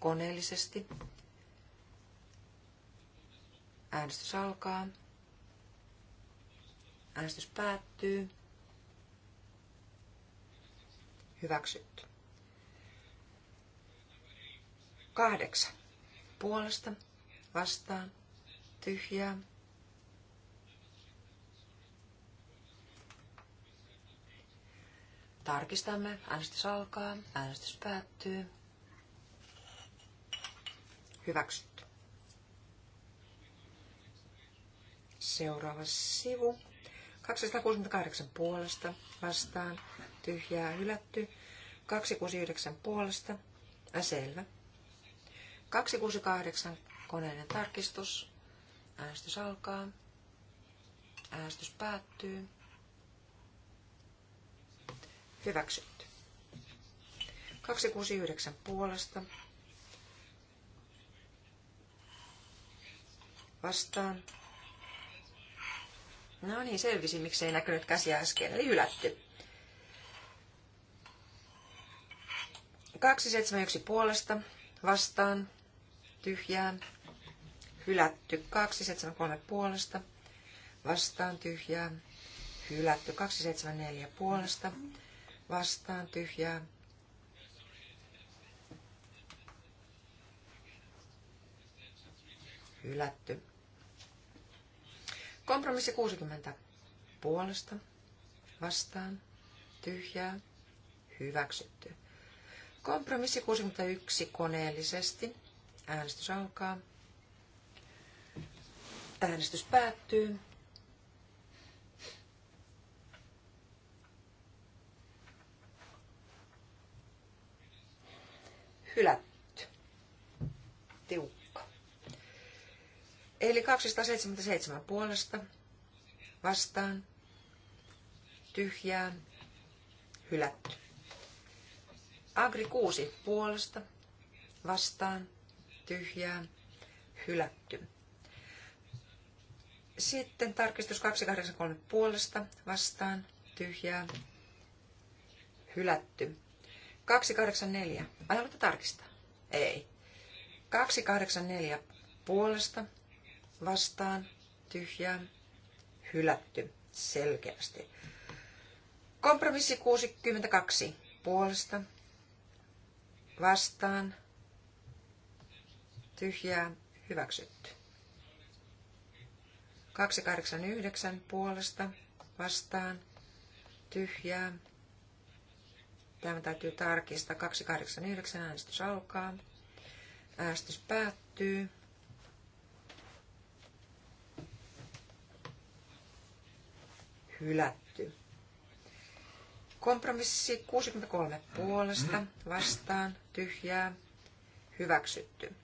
koneellisesti. Äänestys alkaa. Äänestys päättyy. Hyväksytty. kahdeksan. Puolesta, vastaan, tyhjää. Tarkistamme. Äänestys alkaa. Äänestys päättyy. Hyväksytty. Seuraava sivu. 268 puolesta vastaan. Tyhjää hylätty. 269 puolesta. Äh, selvä. 268 koneinen tarkistus. Äänestys alkaa. Äänestys päättyy. Hyväksytty. 269 puolesta. Vastaan. No niin, selvisi, miksei näkynyt käsiä äsken, eli hylätty. 271 puolesta vastaan tyhjään. hylätty 273 puolesta, vastaan tyhjään. hylätty 274 puolesta, vastaan tyhjään. Hylätty. Kompromissi 60 puolesta, vastaan, tyhjää, hyväksytty. Kompromissi 61 koneellisesti. Äänestys alkaa. Äänestys päättyy. Hylätty. Tiukka. Eli 277 puolesta vastaan tyhjään hylätty. Agri 6 puolesta vastaan tyhjää, hylätty. Sitten tarkistus 283 puolesta vastaan, tyhjää, hylätty. 284. Ai haluatte tarkistaa? Ei. 284 puolesta vastaan, tyhjää, hylätty selkeästi. Kompromissi 62 puolesta vastaan, tyhjää, hyväksytty. 289 puolesta vastaan, tyhjää. Tämä täytyy tarkistaa. 289 äänestys alkaa. Äänestys päättyy. Hylätty. Kompromissi 63 puolesta vastaan, tyhjää, hyväksytty.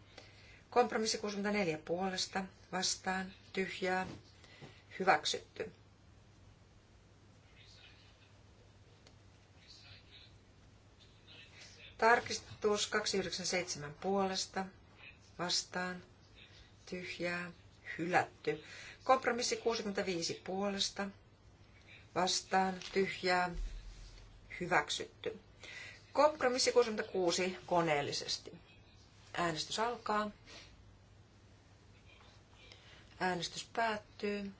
Kompromissi 64 puolesta vastaan tyhjää hyväksytty. Tarkistus 297 puolesta vastaan tyhjää hylätty. Kompromissi 65 puolesta vastaan tyhjää hyväksytty. Kompromissi 66 koneellisesti. Äänestys alkaa. Äänestys päättyy.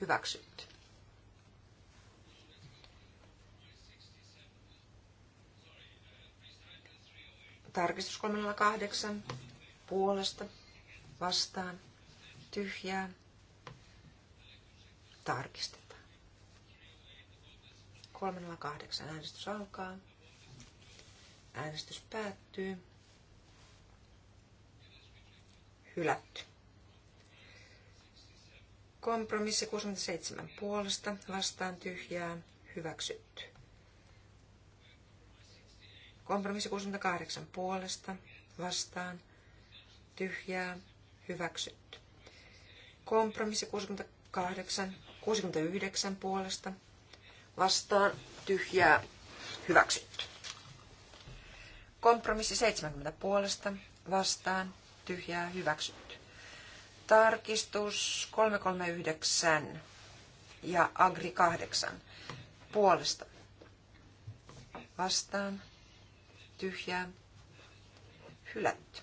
Hyväksytty. Tarkistus 308. Puolesta. Vastaan. Tyhjää. Tarkistetaan. 308. Äänestys alkaa. Äänestys päättyy. hylätty. Kompromissi 67 puolesta vastaan tyhjää hyväksytty. Kompromissi 68 puolesta vastaan tyhjää hyväksytty. Kompromissi 68, 69 puolesta vastaan tyhjää hyväksytty. Kompromissi 70 puolesta vastaan tyhjää hyväksytty. Tarkistus 339 ja Agri 8 puolesta. Vastaan tyhjää hylätty.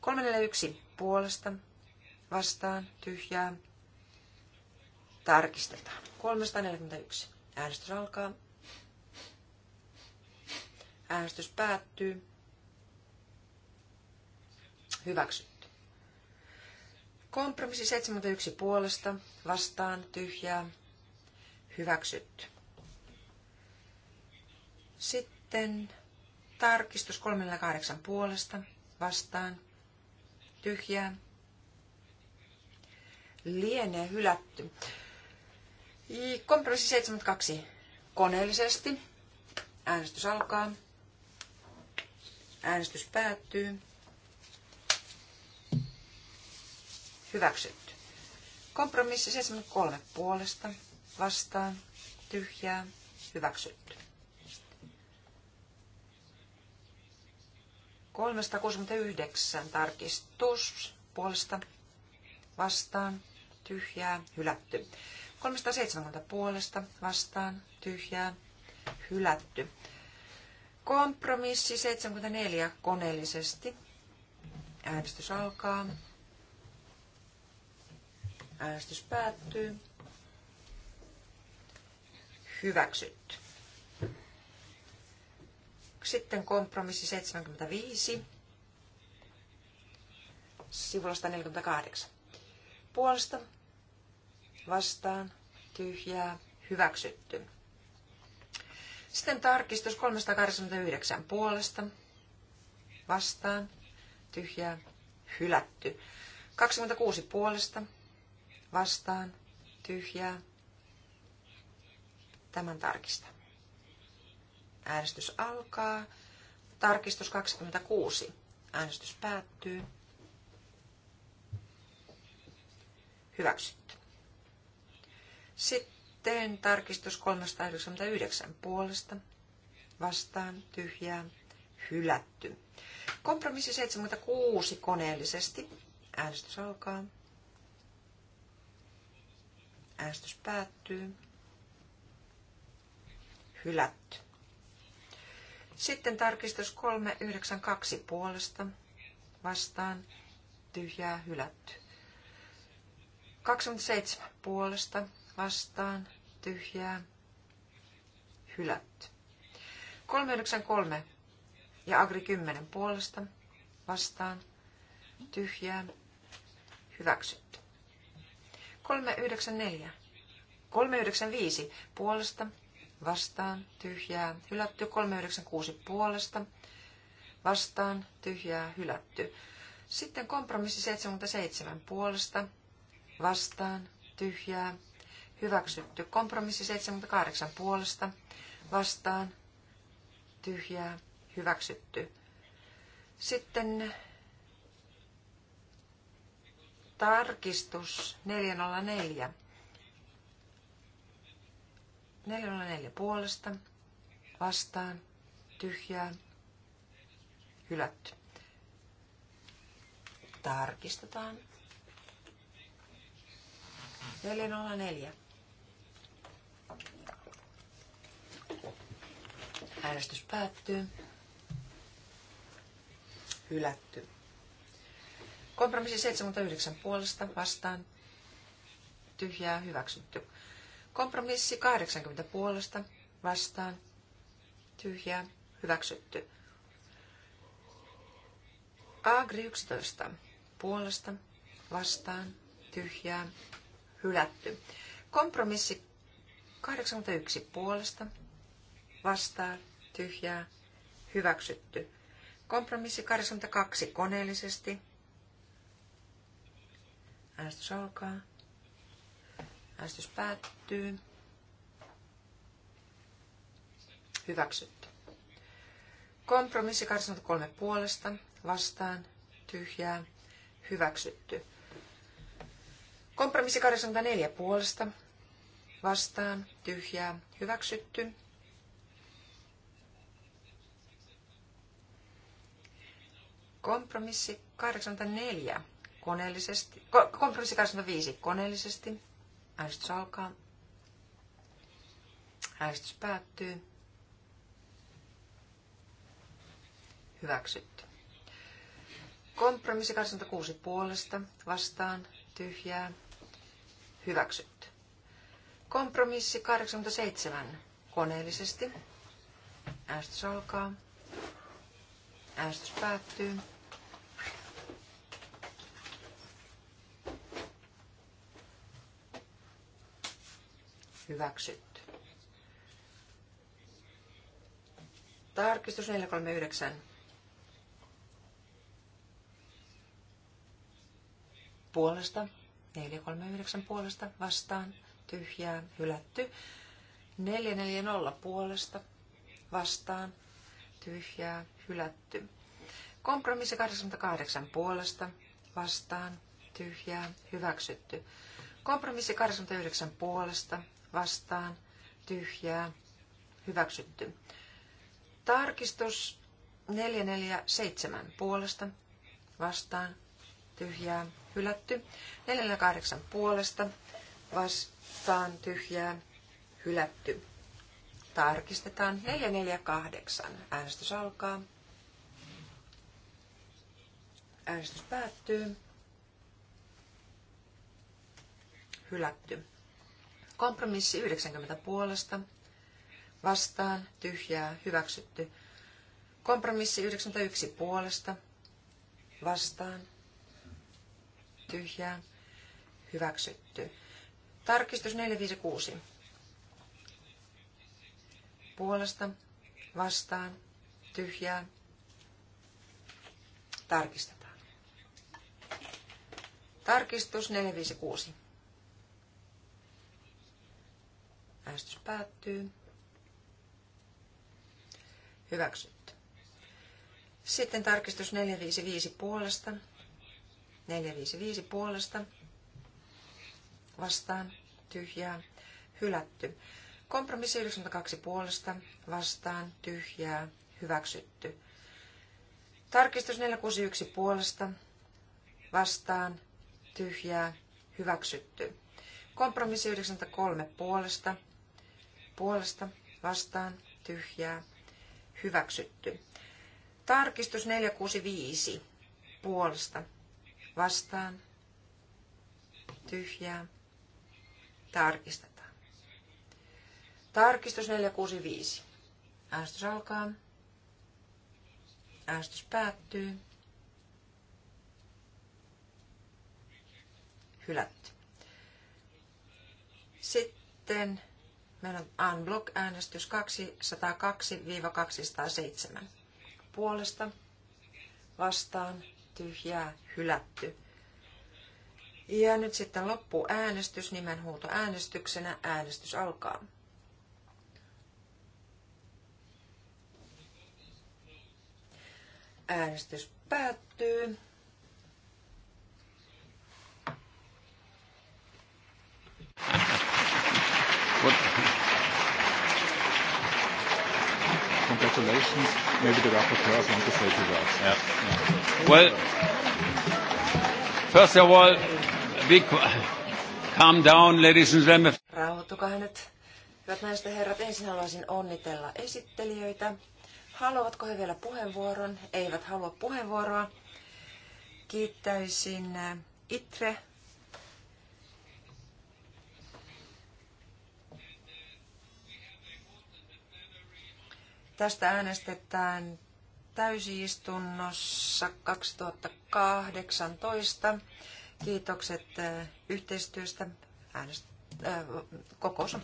341 puolesta vastaan tyhjää tarkistetaan. 341. Äänestys alkaa. Äänestys päättyy. Hyväksytty. Kompromissi 71 puolesta. Vastaan. Tyhjää. Hyväksytty. Sitten tarkistus 38 puolesta. Vastaan. Tyhjää. Lienee hylätty. Kompromissi 72 koneellisesti. Äänestys alkaa. Äänestys päättyy. Hyväksytty. Kompromissi 73 puolesta vastaan tyhjää hyväksytty. 369 tarkistus puolesta vastaan tyhjää hylätty. 370 puolesta vastaan tyhjää hylätty. Kompromissi 74 koneellisesti. Äänestys alkaa. Äänestys päättyy. Hyväksytty. Sitten kompromissi 75, sivulla 148. Puolesta, vastaan, tyhjää, hyväksytty. Sitten tarkistus 389 puolesta, vastaan, tyhjää, hylätty. 26 puolesta, vastaan, tyhjää. Tämän tarkista. Äänestys alkaa. Tarkistus 26. Äänestys päättyy. Hyväksytty. Sitten tarkistus 399 puolesta. Vastaan, tyhjää, hylätty. Kompromissi 76 koneellisesti. Äänestys alkaa. Äänestys päättyy. Hylätty. Sitten tarkistus 392 puolesta. Vastaan. Tyhjää hylätty. 27 puolesta. Vastaan. Tyhjää. Hylätty. 393 ja Agri 10 puolesta. Vastaan. Tyhjää. Hyväksytty. 394. 395 puolesta, vastaan, tyhjää, hylätty. 396 puolesta, vastaan, tyhjää, hylätty. Sitten kompromissi 77 puolesta, vastaan, tyhjää, hyväksytty. Kompromissi 78 puolesta, vastaan, tyhjää, hyväksytty. Sitten Tarkistus 404. 404 puolesta, vastaan, tyhjää, hylätty. Tarkistetaan. 404. Äänestys päättyy. Hylätty. Kompromissi 79 puolesta vastaan tyhjää hyväksytty. Kompromissi 80 puolesta vastaan tyhjää hyväksytty. Agri 11 puolesta vastaan tyhjää hylätty. Kompromissi 81 puolesta vastaan tyhjää hyväksytty. Kompromissi 82 koneellisesti Äänestys alkaa. Äänestys päättyy. Hyväksytty. Kompromissi 83 puolesta, vastaan, tyhjää, hyväksytty. Kompromissi 84 puolesta, vastaan, tyhjää, hyväksytty. Kompromissi 84 koneellisesti. Kompromissi 85 koneellisesti. Äänestys alkaa. Äänestys päättyy. Hyväksytty. Kompromissi 86 puolesta vastaan tyhjää. Hyväksytty. Kompromissi 87 koneellisesti. Äänestys alkaa. Äänestys päättyy. hyväksytty. Tarkistus 439 puolesta, 439 puolesta vastaan, tyhjää, hylätty. 440 puolesta vastaan, tyhjää, hylätty. Kompromissi 88 puolesta vastaan, tyhjää, hyväksytty. Kompromissi 89 puolesta vastaan, tyhjää, hyväksytty. Tarkistus 447 puolesta, vastaan, tyhjää, hylätty. 448 puolesta, vastaan, tyhjää, hylätty. Tarkistetaan 448. Äänestys alkaa. Äänestys päättyy. Hylätty. Kompromissi 90 puolesta, vastaan, tyhjää, hyväksytty. Kompromissi 91 puolesta, vastaan, tyhjää, hyväksytty. Tarkistus 456. Puolesta, vastaan, tyhjää, tarkistetaan. Tarkistus 456. Äänestys päättyy. Hyväksytty. Sitten tarkistus 455 puolesta. 455 puolesta. Vastaan. Tyhjää. Hylätty. Kompromissi 92 puolesta. Vastaan. Tyhjää. Hyväksytty. Tarkistus 461 puolesta. Vastaan. Tyhjää. Hyväksytty. Kompromissi 93 puolesta puolesta vastaan tyhjää hyväksytty. Tarkistus 465 puolesta vastaan tyhjää tarkistetaan. Tarkistus 465. Äänestys alkaa. Äänestys päättyy. Hylätty. Sitten Meillä on unblock-äänestys 202-207. Puolesta vastaan tyhjää hylätty. Ja nyt sitten loppuu äänestys nimenhuuto äänestyksenä. Äänestys alkaa. Äänestys päättyy. Thank you. Congratulations. Maybe the rapporteurs want to say two words. Yeah. Well, first of all, big calm down, ladies and gentlemen. Rauhoittukaa nyt. Hyvät naiset ja herrat, ensin haluaisin onnitella esittelijöitä. Haluavatko he vielä puheenvuoron? Eivät halua puheenvuoroa. Kiittäisin äh, ITRE Tästä äänestetään täysistunnossa 2018. Kiitokset eh, yhteistyöstä. Äänest- eh, kokous on